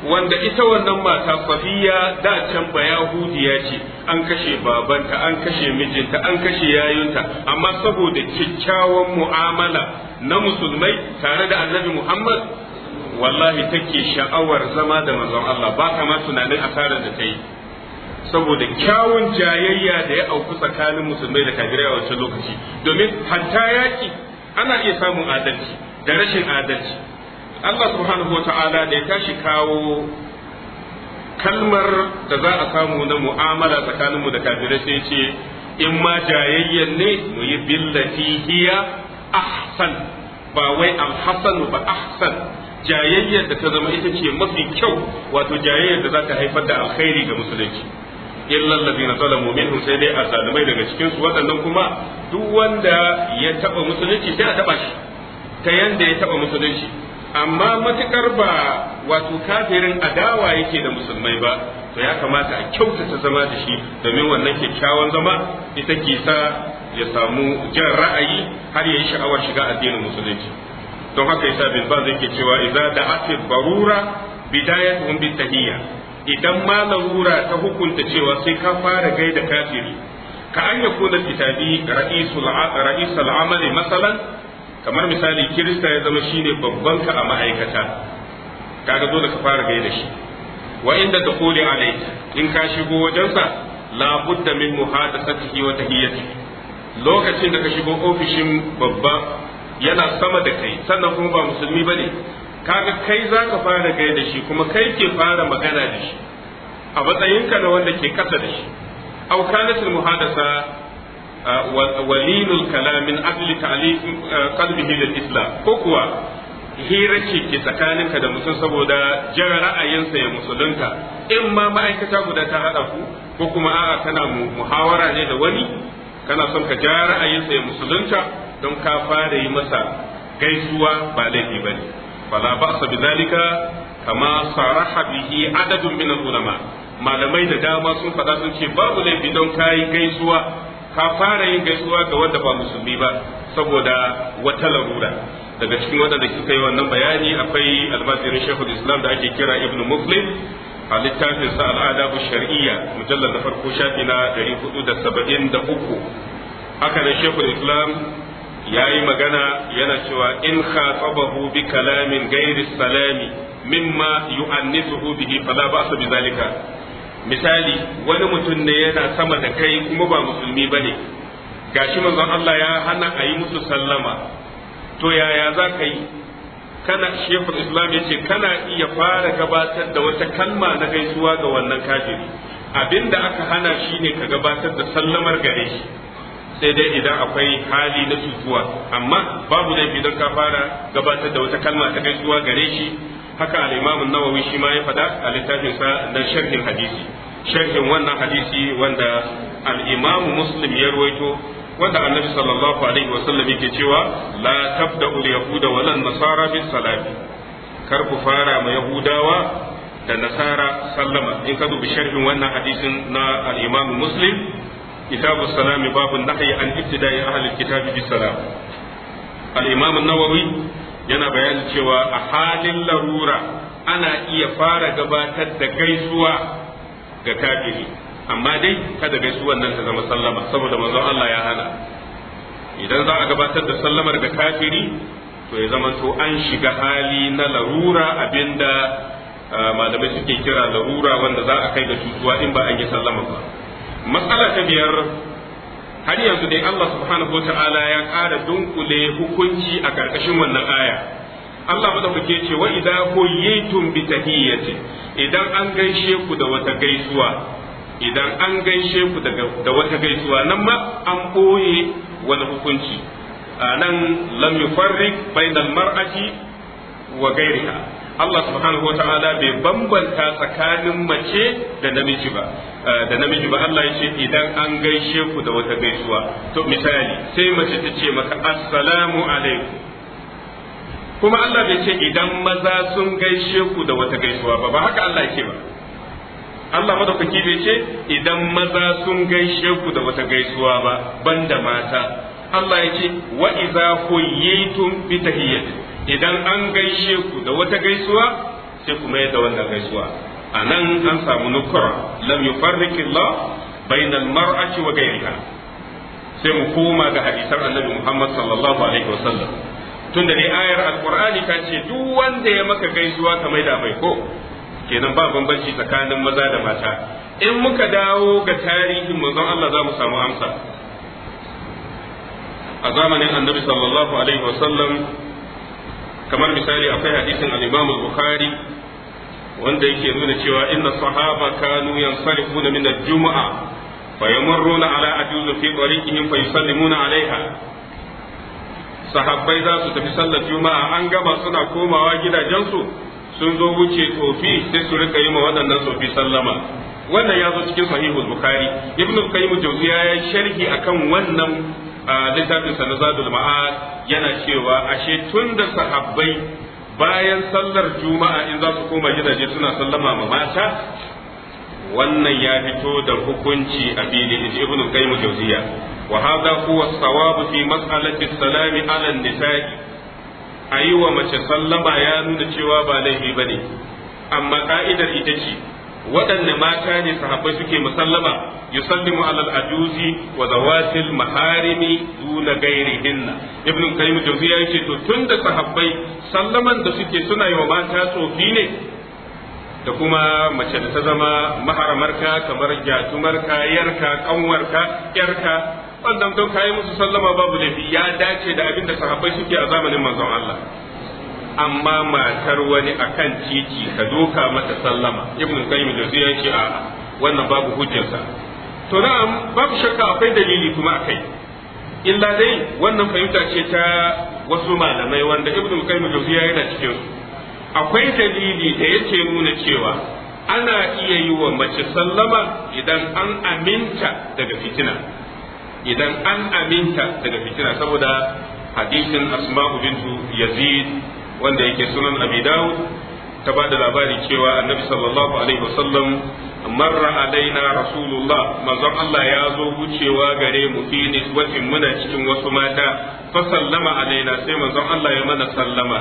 wanda ita wannan mata Safiya da can ba Yahudiya ce an kashe babanta an kashe mijinta an kashe yayunta amma saboda kyakkyawan mu'amala na musulmai tare da Annabi Muhammad wallahi take sha'awar zama da manzon Allah ba kama tunanin asarar da ta yi saboda kyawun jayayya da ya auku tsakanin musulmai da kafirai a wancan lokaci domin hatta yaki ana iya samun adalci da rashin adalci Allah subhanahu wata'ala da ya tashi kawo kalmar da za a samu na mu'amala tsakanin mu da kafirai sai ce in ma jayayyan ne mu yi billati hiya ahsan ba wai alhasan ba ahsan jayayyar da ta zama ita ce mafi kyau wato jayayyar da za ta haifar da alkhairi ga musulunci illa ladina zalamu minhum sai dai azalimai daga cikin su waɗannan kuma duk wanda ya taba musulunci sai a taba shi ta yanda ya taba musulunci amma matukar ba wato kafirin adawa yake da musulmai ba to ya kamata a kyautata zama da shi domin wannan kyakkyawan zama ita ke sa ya samu jan ra'ayi har ya yi sha'awar shiga addinin musulunci don haka yasa bin ba zai ke cewa idza da'at barura bidayatuhum bitahiyya idan ma larura ta hukunta cewa sai ka fara gaida kafiri ka an ya kuna kitabi ra'isul amali masalan kamar misali kirista ya zama shine babban ka a ma'aikata ga dole ka fara gaida shi wa inda dukhuli alayhi in ka shigo wajensa la budda min muhadathatihi wa tahiyyatihi lokacin da ka shigo ofishin babba yana sama da kai sannan kuma ba musulmi bane kaga kai za ka fara gai da shi kuma kai ke fara magana da shi a matsayinka na wanda ke kasa da shi aw kanatul muhadasa walilul kalamin, ajli qalbihi lil islam ko kuwa hira ce ke tsakaninka da mutum saboda jira ra'ayinsa ya musulunta in ma ma'aikata guda ta haɗa ku ko kuma a'a kana muhawara ne da wani kana son ka ja ra'ayinsa ya musulunta don ka fara yi masa gaisuwa ba laifi ba ne fala ba'sa bidhalika kama saraha bihi adadun min ulama malamai da dama sun faɗa sun ce babu laifi don kayi gaisuwa ka fara yin gaisuwa ga wanda ba musulmi ba saboda wata larura daga cikin waɗanda suka yi wannan bayani akwai almajirin shekul islam da ake kira ibn muslim a littafin sa shar'iyya mujallar da farko shafi na 473 haka nan shekul islam ya yi magana yana cewa in khatabahu bi kalamin gairi salami mimma yu'annisuhu bihi fala ba'sa bi zalika misali wani mutum ne yana sama da kai kuma ba musulmi bane gashi manzon Allah ya hana a yi musu sallama to yaya za ka yi kana shehu islam ya ce kana iya fara gabatar da wata kalma na gaisuwa ga wannan kafiri abinda aka hana shine ka gabatar da sallamar gare shi sai dai idan akwai hali na tutuwa amma babu laifi don ka fara gabatar da wata kalma ta gaisuwa gare shi haka al-Imam nawawi shi ma ya faɗa a littafin sa na sharhin hadisi sharhin wannan hadisi wanda al-Imam Muslim ya ruwaito wanda Annabi sallallahu alaihi wasallam yake cewa la tabda'u al-yahuda wa lan nasara bis salami kar ku fara ma yahudawa da nasara sallama in ka dubi sharhin wannan hadisin na al-Imam Muslim كتاب السلام باب النهي عن ابتداء أهل الكتاب بالسلام الإمام النووي yana bayani cewa a halin larura ana iya fara gabatar da gaisuwa ga kafiri amma dai kada gaisuwan nan ta zama sallama saboda manzon Allah ya hana idan za a gabatar da sallamar ga kafiri to ya zama to an shiga hali na larura abinda malamai suke kira larura wanda za a kai da cutuwa in ba an yi sallama ba matsala ta biyar har yanzu dai Allah subhanahu wata'ala ya ƙara dunkule hukunci a ƙarƙashin wannan aya Allah ke ce wa idza huyitum bi tahiyyati idan an gaishe ku da wata gaisuwa idan an gaishe ku da wata gaisuwa nan ma an ɓoye wani hukunci a nan lam yufarrik bainal mar'ati wa gairiha Allah subhanahu wata'ala bai bambanta tsakanin mace da namiji ba uh, da namiji ba Allah ya ce idan an gaishe ku da wata gaisuwa to misali sai mace ta ce maka assalamu alaikum kuma Allah bai ce idan maza sun gaishe ku da wata gaisuwa ba ba haka Allah yake ba Allah madaukaki bai ce idan maza sun gaishe ku da wata gaisuwa ba banda mata Allah ya ce wa idza kuyitum bi tahiyyatin idan an gaishe ku da wata gaisuwa sai ku mai da wannan gaisuwa a nan an samu nukura lam yufarriqillah bainal mar'ati wa ghayriha sai mu koma ga hadisan annabi Muhammad sallallahu alaihi wa sallam tunda dai ayar alqur'ani ta ce duk wanda ya maka gaisuwa ka da mai ko kenan ba bambanci tsakanin maza da mata in muka dawo ga tarihin manzon Allah za mu samu amsa a zamanin annabi sallallahu alaihi wa sallam. kamar misali akwai hadisin al-Imam al-Bukhari wanda yake nuna cewa inna sahaba kanu yansarifuna min al-jumu'a fa yamurruna ala ajuz fi tariqihim fa yusallimuna alaiha sahabbai za su tafi sallar juma'a an gama suna komawa gidajensu sun zo wuce tsofi sai su rika yi ma waɗannan tsofi sallama wannan ya zo cikin sahihul bukhari ibnu qayyim jawziya ya sharhi akan wannan littafin sa na zadul ma'ad yana cewa ashe tun da sahabbai bayan sallar juma'a in za su koma gidaje suna sallama ma mata wannan ya fito da hukunci a fili da ibn qayyim jawziya wa hadha huwa sawabu fi mas'alati salami ala nisa'i ayi wa mace sallama ya nuna cewa ba laifi bane amma ka'idar ita ce waɗanne mata ne sahabbai suke musallama yusallimu alal ajuzi wa zawatil maharimi duna gairihinna ibn kayyim jawziya yace to tunda sahabbai sallaman da suke suna yi wa mata tsofi ne da kuma mace da ta zama maharamarka kamar jatumarka, yarka kanwarka yarka wannan don kayi musu sallama babu laifi ya dace da abin da sahabbai suke a zamanin manzon Allah amma matar wani akan titi ka doka mata sallama ibn qayyim da zai ce a wannan babu hujjarsa to na'am babu shakka akwai dalili kuma akai illa dai wannan fahimta ce ta wasu malamai wanda ibn qayyim da yana cikin akwai dalili da yake nuna cewa ana iya yi wa mace sallama idan an aminta daga fitina idan an aminta daga fitina saboda hadisin asma'u bintu yazid wanda yake sunan abi dawud ta ba da labari cewa annabi sallallahu alaihi wasallam marra alaina rasulullah manzon Allah ya zo wucewa gare mu fi niswatin muna cikin wasu mata fa sallama alaina sai manzon Allah ya mana sallama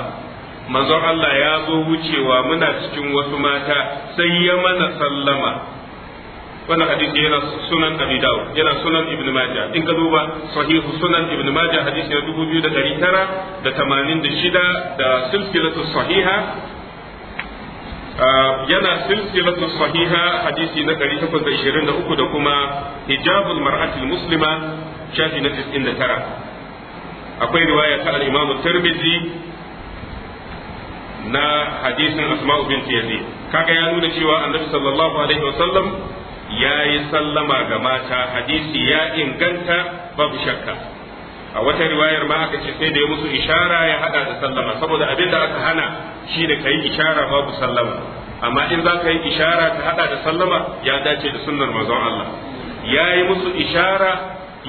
manzon Allah ya zo wucewa muna cikin wasu mata sai ya mana sallama wannan hadisi yana sunan abi dawud yana sunan ibn majah in ka duba sahihu sunan ibn majah hadisi na 2986 da silsilatu sahiha yana silsilatu sahiha hadisi na takwas da ishirin da da uku kuma hijabul mar'atil muslima shafi na tisin da tara. akwai riwaya ta al-imam tirmidhi na hadisin asma'u binti yazid kaga ya nuna cewa annabi sallallahu alaihi wa sallam. ya yi sallama ga mata hadisi ya inganta babu shakka a wata riwayar ma aka ce sai da ya musu ishara ya hada da sallama saboda abin da aka hana shi da ka yi ishara babu sallama amma in za ka yi ishara ta hada da sallama ya dace da sunnar manzon Allah ya yi musu ishara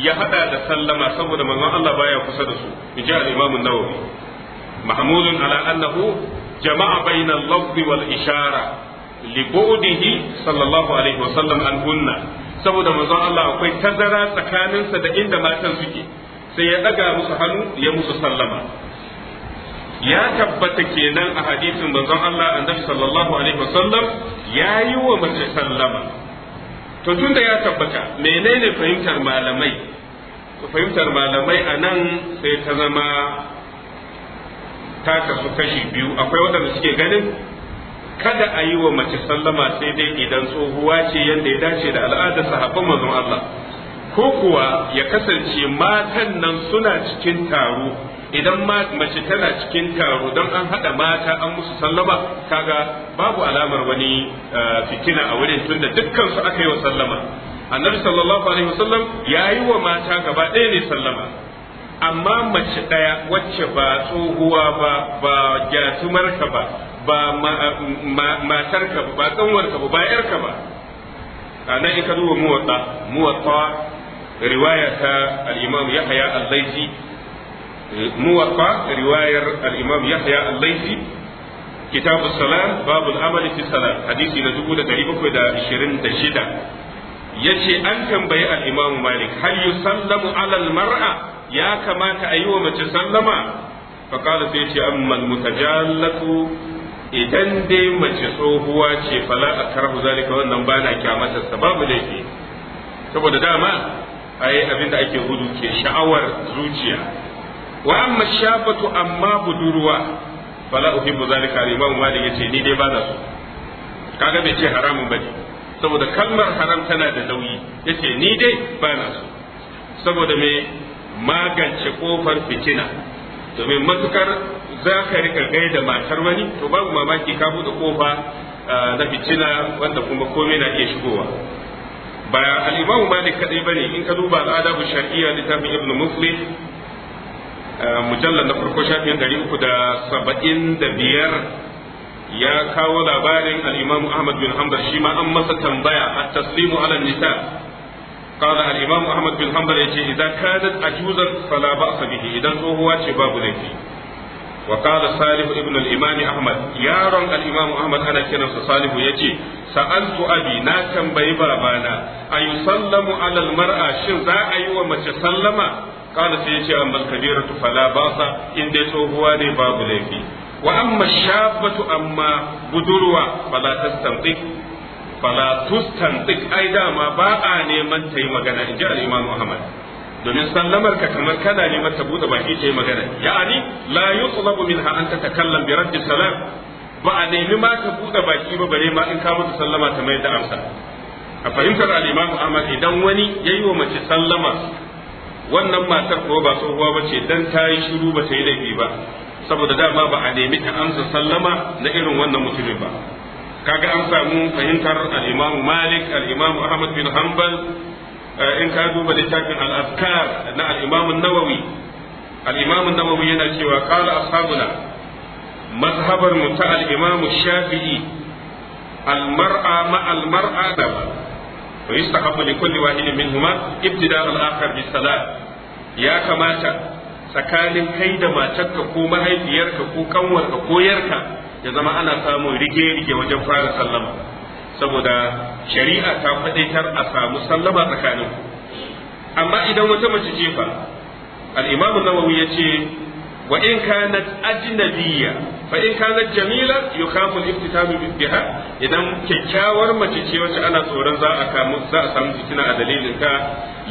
ya hada da sallama saboda manzon Allah baya kusa da su in ji al nawawi mahmudun ala annahu jama'a bainal lafzi wal ishara libu'dihi sallallahu alaihi wasallam an hunna saboda manzon Allah akwai tazara tsakaninsa da inda matan suke sai ya daga musu hannu ya musu sallama ya tabbata kenan a hadisin manzon Allah annabi sallallahu alaihi wasallam ya yi wa mace sallama to tunda ya tabbata menene fahimtar malamai to fahimtar malamai a nan sai ta zama ta kasu kashi biyu akwai waɗanda suke ganin kada a yi wa mace sallama sai dai idan tsohuwa ce yadda ya dace da al'adar sahabban mazan Allah ko kuwa ya kasance matan nan suna cikin taro idan mace tana cikin taro don an haɗa mata an musu sallama kaga babu alamar wani uh, fitina a wurin tunda dukkan su aka yi wa sallama annabi sallallahu alaihi wasallam ya yi wa mata gaba ɗaya ne sallama amma mace ɗaya wacce ba tsohuwa ba ba gyatumarka ba ba matarka ba ba kanwarka ba ba yarka ba a nan in ka duba muwatta muwatta riwaya ta al-imam yahya al-laisi muwatta riwayar al-imam yahya al-laisi kitab as-salam babu al-amali fi salat hadisi na yace an tambayi al'imam malik hal yusallamu ala al-mar'a ya kamata a yi wa mace sallama فقال سيتي أما المتجالة idan dai mace tsohuwa ce fala a karhu zalika wannan ba na kyamatarsa babu laifi saboda dama ai abin da ake gudu ke sha'awar zuciya wa amma shafatu amma budurwa fala uhibbu zalika al ma da yace ni dai ba na so kaga bai ce haramun ne. saboda kalmar haram tana da nauyi yace ni dai ba na so saboda me magance kofar fitina domin matukar za ka rika gai da matar wani to babu mamaki ka bude kofa na fitina wanda kuma komai na iya shigowa ba al'imamu malik kadai bane in ka duba al'adabu shar'iyya littafin ibn muslim mujallar na farko shafin dari uku da saba'in da biyar ya kawo labarin al'imamu ahmad bin hanbal shi ma an masa tambaya a taslimu ala nisa قال الإمام أحمد بن حنبل يجي إذا كانت أجوزا فلا بأس به إذا هو واجب باب لفي wa salihu salih ibn al-imam ahmad yaron al-imam ahmad ana kiransa salih yace sa'altu abi na tambayi babana ayu sallamu ala al-mar'a shin za a yi wa mace sallama qala sai yace amma kabiratu fala basa in dai tsohuwa ne babu laifi wa shafatu amma budurwa fala tastantiq fala tustantiq ai dama ba a neman ta yi magana inji ji al ahmad domin sallamar ka kamar kana neman ta bude baki ta yi magana ya'ani la yutlabu minha an tatakallam bi raddi salam ba a nemi ma ta bude baki ba bare ma in ka mutu sallama ta mai da amsa a fahimtar al-imam Ahmad idan wani yayi wa mace sallama wannan matar ko ba tsohuwa ba ce dan ta yi shiru ba ta yi laifi ba saboda dama ba a nemi ta amsa sallama na irin wannan mutumin ba kaga an samu fahimtar al-imam Malik al-imam Ahmad bin Hanbal Eh, in ka duba littafin al-azkar na al-imam an-nawawi al-imam an-nawawi yana cewa qala ashabuna mazhabar mu ta al-imam shafi'i al-mar'a ma al-mar'a da wa yastahabu li kulli wahidin huma ibtida' al-akhar bi salat ya kamata tsakanin kai da matarka ko mahaifiyarka ko kanwarka ko yarka ya zama ana samun rige-rige wajen fara sallama saboda shari'a ta faɗaitar a samu sallama tsakanin amma idan wata mace ce fa al-imamu nawawi yace wa in kanat ajnabiyya fa in kanat jamila yukhafu al-iftitam biha idan kyakkyawar mace ce wacce ana tsoron za a kamu za a samu fitina a dalilin ta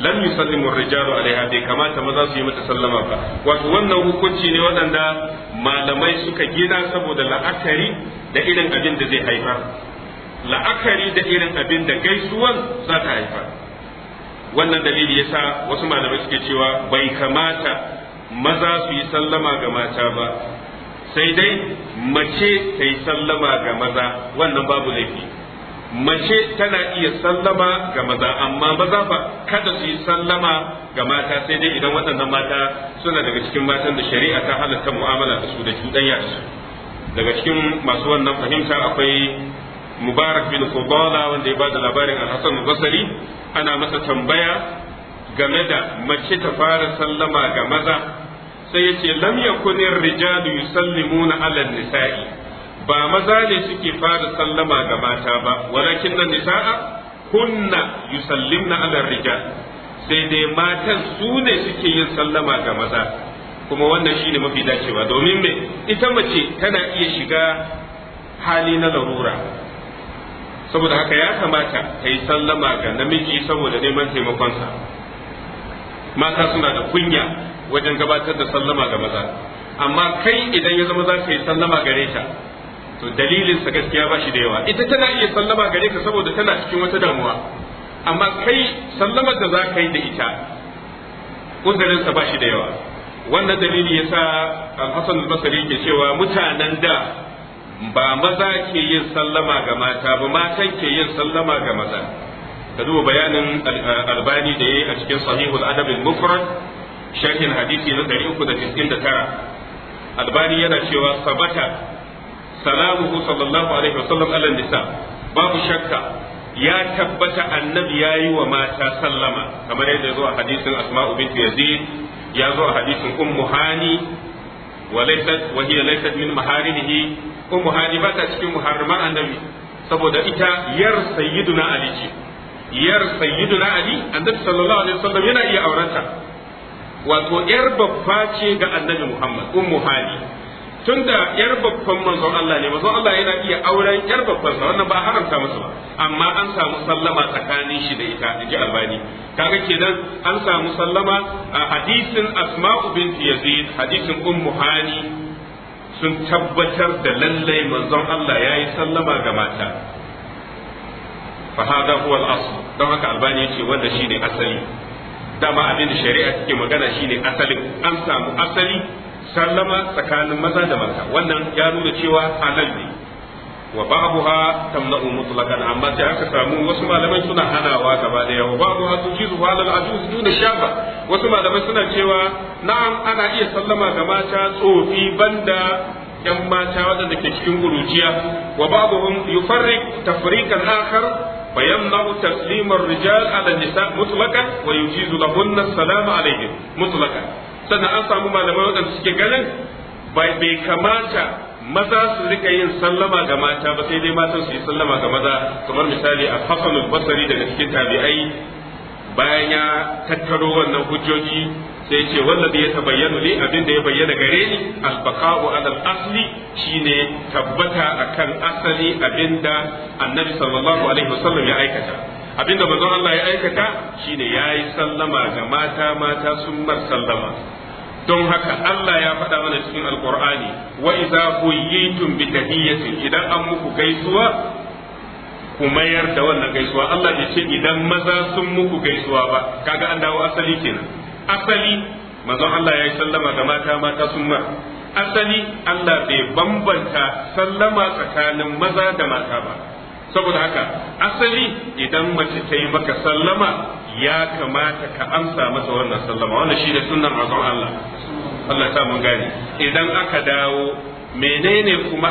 lam yusallimu ar-rijalu alaiha bai kamata maza su yi mata sallama ba wato wannan hukunci ne waɗanda malamai suka gina saboda la'akari da irin abin da zai haifa. la'akari da irin abin da gaisuwan za ta haifa. wannan dalili yasa wasu malamai suke cewa bai kamata maza su yi sallama ga mata ba sai dai mace ta yi sallama ga maza wannan babu laifi mace tana iya sallama ga maza amma maza ba kada su yi sallama ga mata sai dai idan waɗannan mata suna daga cikin matan da shari'a ta halatta mu'amala da su da cuɗanya daga cikin masu wannan fahimta akwai mubarak bin fudala wanda ya bada labarin al-hasan basri ana masa tambaya game da mace ta fara sallama ga maza sai yace lam yakunir rijalu yusallimuna ala nisa'i ba maza ne suke fara sallama ga mata ba walakin nan nisa'a kunna yusallimna ala rijal sai dai matan su ne suke yin sallama ga maza kuma wannan shine mafi dacewa domin me ita mace tana iya shiga hali na larura saboda haka ya kamata ka yi sallama ga namiji saboda neman taimakonsa mata suna da kunya wajen gabatar da sallama ga maza amma kai idan ya zama za ka yi sallama gare ta to dalilin sa gaskiya ba shi da yawa ita tana iya sallama gare ka saboda tana cikin wata damuwa amma kai sallamar da za ka yi da ita uzurin sa ba shi da yawa wannan dalili yasa al-Hasan al-Basri ke cewa mutanen da ba maza ke yin sallama ga mata ba matan ke yin sallama ga maza ka duba bayanin albani da yayi a cikin sahihul adab al-mufrad sharhin hadisi na uku da tara. albani yana cewa sabata salamuhu sallallahu alaihi wasallam ala nisa babu shakka ya tabbata annabi ya yi wa mata sallama kamar yadda ya zuwa hadisin asma'u bint yazid ya zo a hadisin ummu hani wa laysat wa hiya laysat min maharimihi ko muhali ba ta cikin muharraman annabi saboda ita yar sayyiduna ali ce yar sayyiduna ali annabi sallallahu alaihi wasallam yana iya auranta wato yar babba ce ga annabi muhammad ummu hali tunda yar babban manzon Allah ne manzon Allah yana iya auren yar babban sa wannan ba haramta musu, ba amma an samu sallama tsakanin shi da ita inji albani kaga kenan an samu sallama a hadisin asma'u binti yazid hadisin ummu Hali. sun tabbatar da lallai manzon Allah ya yi sallama ga mata fahada huwa al-asl don haka albani yace wanda shine asali dama abin da shari'a take magana shine asalin an samu asali sallama tsakanin maza da mata wannan ya nuna cewa halal ne wa ba'daha tamna'u mutlaqan amma sai aka samu wasu malamai suna hanawa gaba daya wa ba'daha tujizu halal ajuz duna shaba wasu malamai suna cewa na'am ana iya sallama ga mata tsofi banda yan mata waɗanda ke cikin gurujiya wa ba'dhum yufarriq tafriqan akhar فيمنع تسليم الرجال على النساء مطلقا ويجيز لهن السلام عليهم مطلقا sannan an samu malamai waɗanda suke ganin bai kamata maza su rika yin sallama ga mata ba sai dai matan su yi sallama ga maza kamar misali a Hassan basari daga cikin tabi'ai bayan ya tattaro wannan hujjoji sai ce da ya tabayyana ne abin da ya bayyana gare ni albakau ala al-asli shine tabbata kan asali abin da annabi sallallahu alaihi wasallam ya aikata Abin abinda manzon Allah ya aikata shine yayi sallama ga mata mata sun mar sallama don haka Allah ya faɗa mana cikin alkur'ani wa idza huyitum bi tahiyyatin idan an muku gaisuwa ku mayar da wannan gaisuwa Allah ya ce idan maza sun muku gaisuwa ba kaga an dawo asali kenan asali manzon Allah ya yi sallama ga mata mata sun ma asali Allah bai bambanta sallama tsakanin maza da mata ba saboda haka asali idan mace ta yi maka sallama ya kamata ka amsa masa wannan sallama wannan shi shine sunan manzon Allah Allah ta mun gane idan aka dawo menene kuma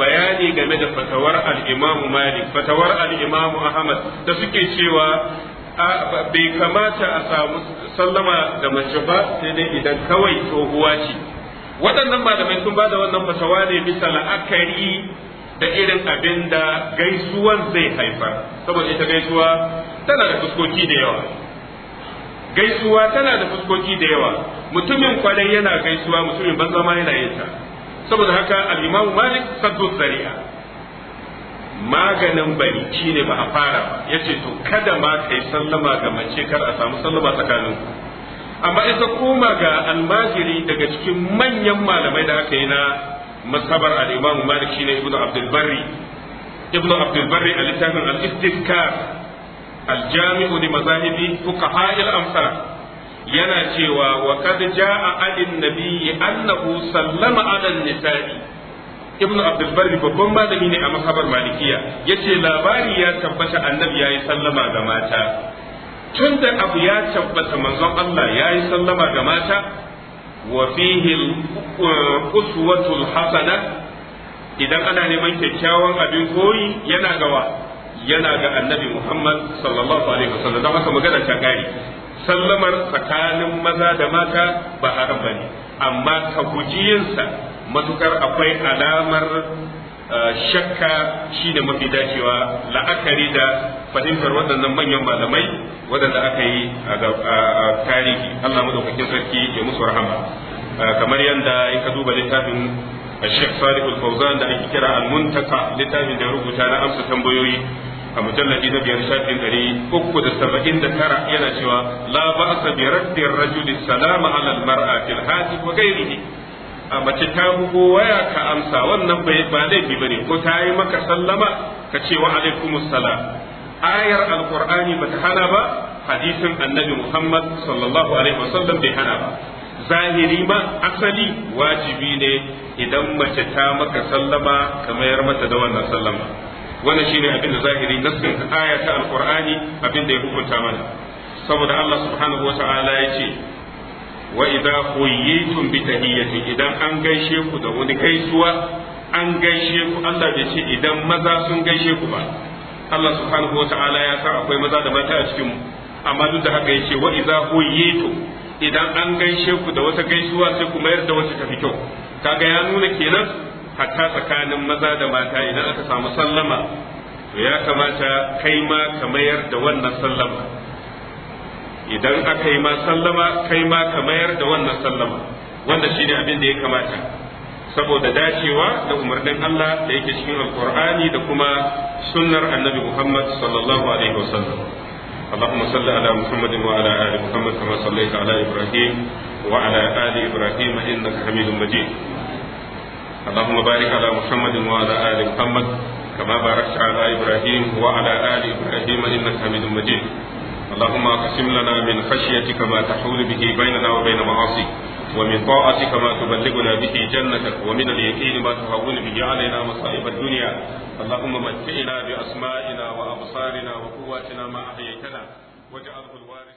bayani game da fatawar al-Imam Malik fatawar al-Imam Ahmad da suke cewa bai kamata a samu sallama da mace ba sai dai idan kawai tsohuwa ce waɗannan malamai sun ba da wannan fatawa ne bisa la'akari da irin abin da gaisuwan zai haifar saboda ita gaisuwa tana da fuskoki da yawa gaisuwa tana da fuskoki da yawa mutumin kwalai yana gaisuwa mutumin banza ma yana yin ta saboda haka al-imamu malik saddu zari'a maganin bari ne ba a fara ba yace to kada ma kai sallama ga mace kar a samu sallama tsakanin amma ita kuma ga almajiri daga cikin manyan malamai da aka yi na masabar al-imam malik ibnu abdul ibnu abdul barri a littafin al-istizkar al-jami'u li mazahibi fuqaha al-amsal yana cewa wa qad jaa alin nabiyyi annahu sallama ala nisa'i ibnu abdul babban malami ne a masabar malikiya Ya ce labari ya tabbata annabi yayi sallama ga mata tunda abu ya tabbata manzon Allah yayi sallama ga mata wa fihi eh, uswatul hasana idan ana neman kyakkyawan abin koyi yana gawa yana ga annabi Muhammad sallallahu alaihi wasallam don haka magana ta gari sallamar tsakanin maza da mata ba haram bane amma ka guji yinsa matukar akwai alamar shakka shine mafi dacewa la'akari da fahimtar waɗannan manyan malamai waɗanda aka yi a tarihi Allah madaukakin sarki ya musu rahama kamar yadda in ka duba littafin Sheikh Salih Al-Fawzan da ake kira Al-Muntaka littafin da rubuta na amsa tambayoyi a mujalladi na biyar shafin ɗari uku da saba'in da tara yana cewa la ba'asa bi raddi rajuli salama ala al-mar'a fil hadith wa ghairihi a mace ta bugo waya ka amsa wannan bai ba laifi bane ko ta yi maka sallama ka ce wa alaikumus salam ayar alqur'ani bata hana ba hadisin annabi muhammad sallallahu alaihi wasallam bai hana ba zahiri ma asali wajibi ne idan mace ta maka sallama ka mayar mata da wannan sallama wannan shine abin da zahiri nassin aya ta alqur'ani abin da ya hukunta mana saboda Allah subhanahu wa ta'ala ya ce wa idza khuyyitum bi tahiyyati idan an gaishe ku da wani gaisuwa an gaishe ku Allah bai ce idan maza sun gaishe ku ba Allah subhanahu wata'ala ya sa akwai maza da mata a cikin mu amma duk da haka yace wa idza khuyyitum idan an gaishe ku da wata gaisuwa sai ku mayar da wata tafi kyau kaga ya nuna kenan hatta tsakanin maza da mata idan aka samu sallama to ya kamata kai ma ka mayar da wannan sallama idan aka yi ma sallama kai ma ka mayar da wannan sallama wanda shi ne abin da ya kamata saboda dacewa da umarnin Allah da yake cikin alkur'ani da kuma sunnar annabi Muhammad sallallahu alaihi wasallam اللهم صل على محمد وعلى آل محمد كما صليت على إبراهيم وعلى آل إبراهيم إنك حميد مجيد اللهم بارك على محمد وعلى آل محمد كما باركت على إبراهيم وعلى آل إبراهيم إنك حميد مجيد اللهم اقسم لنا من خشيتك ما تحول به بيننا وبين معاصيك ومن طاعتك ما تبلغنا به جنتك ومن اليقين ما تهون به علينا مصائب الدنيا اللهم متئنا بأسمائنا وأبصارنا وقواتنا ما أحييتنا واجعله الوارث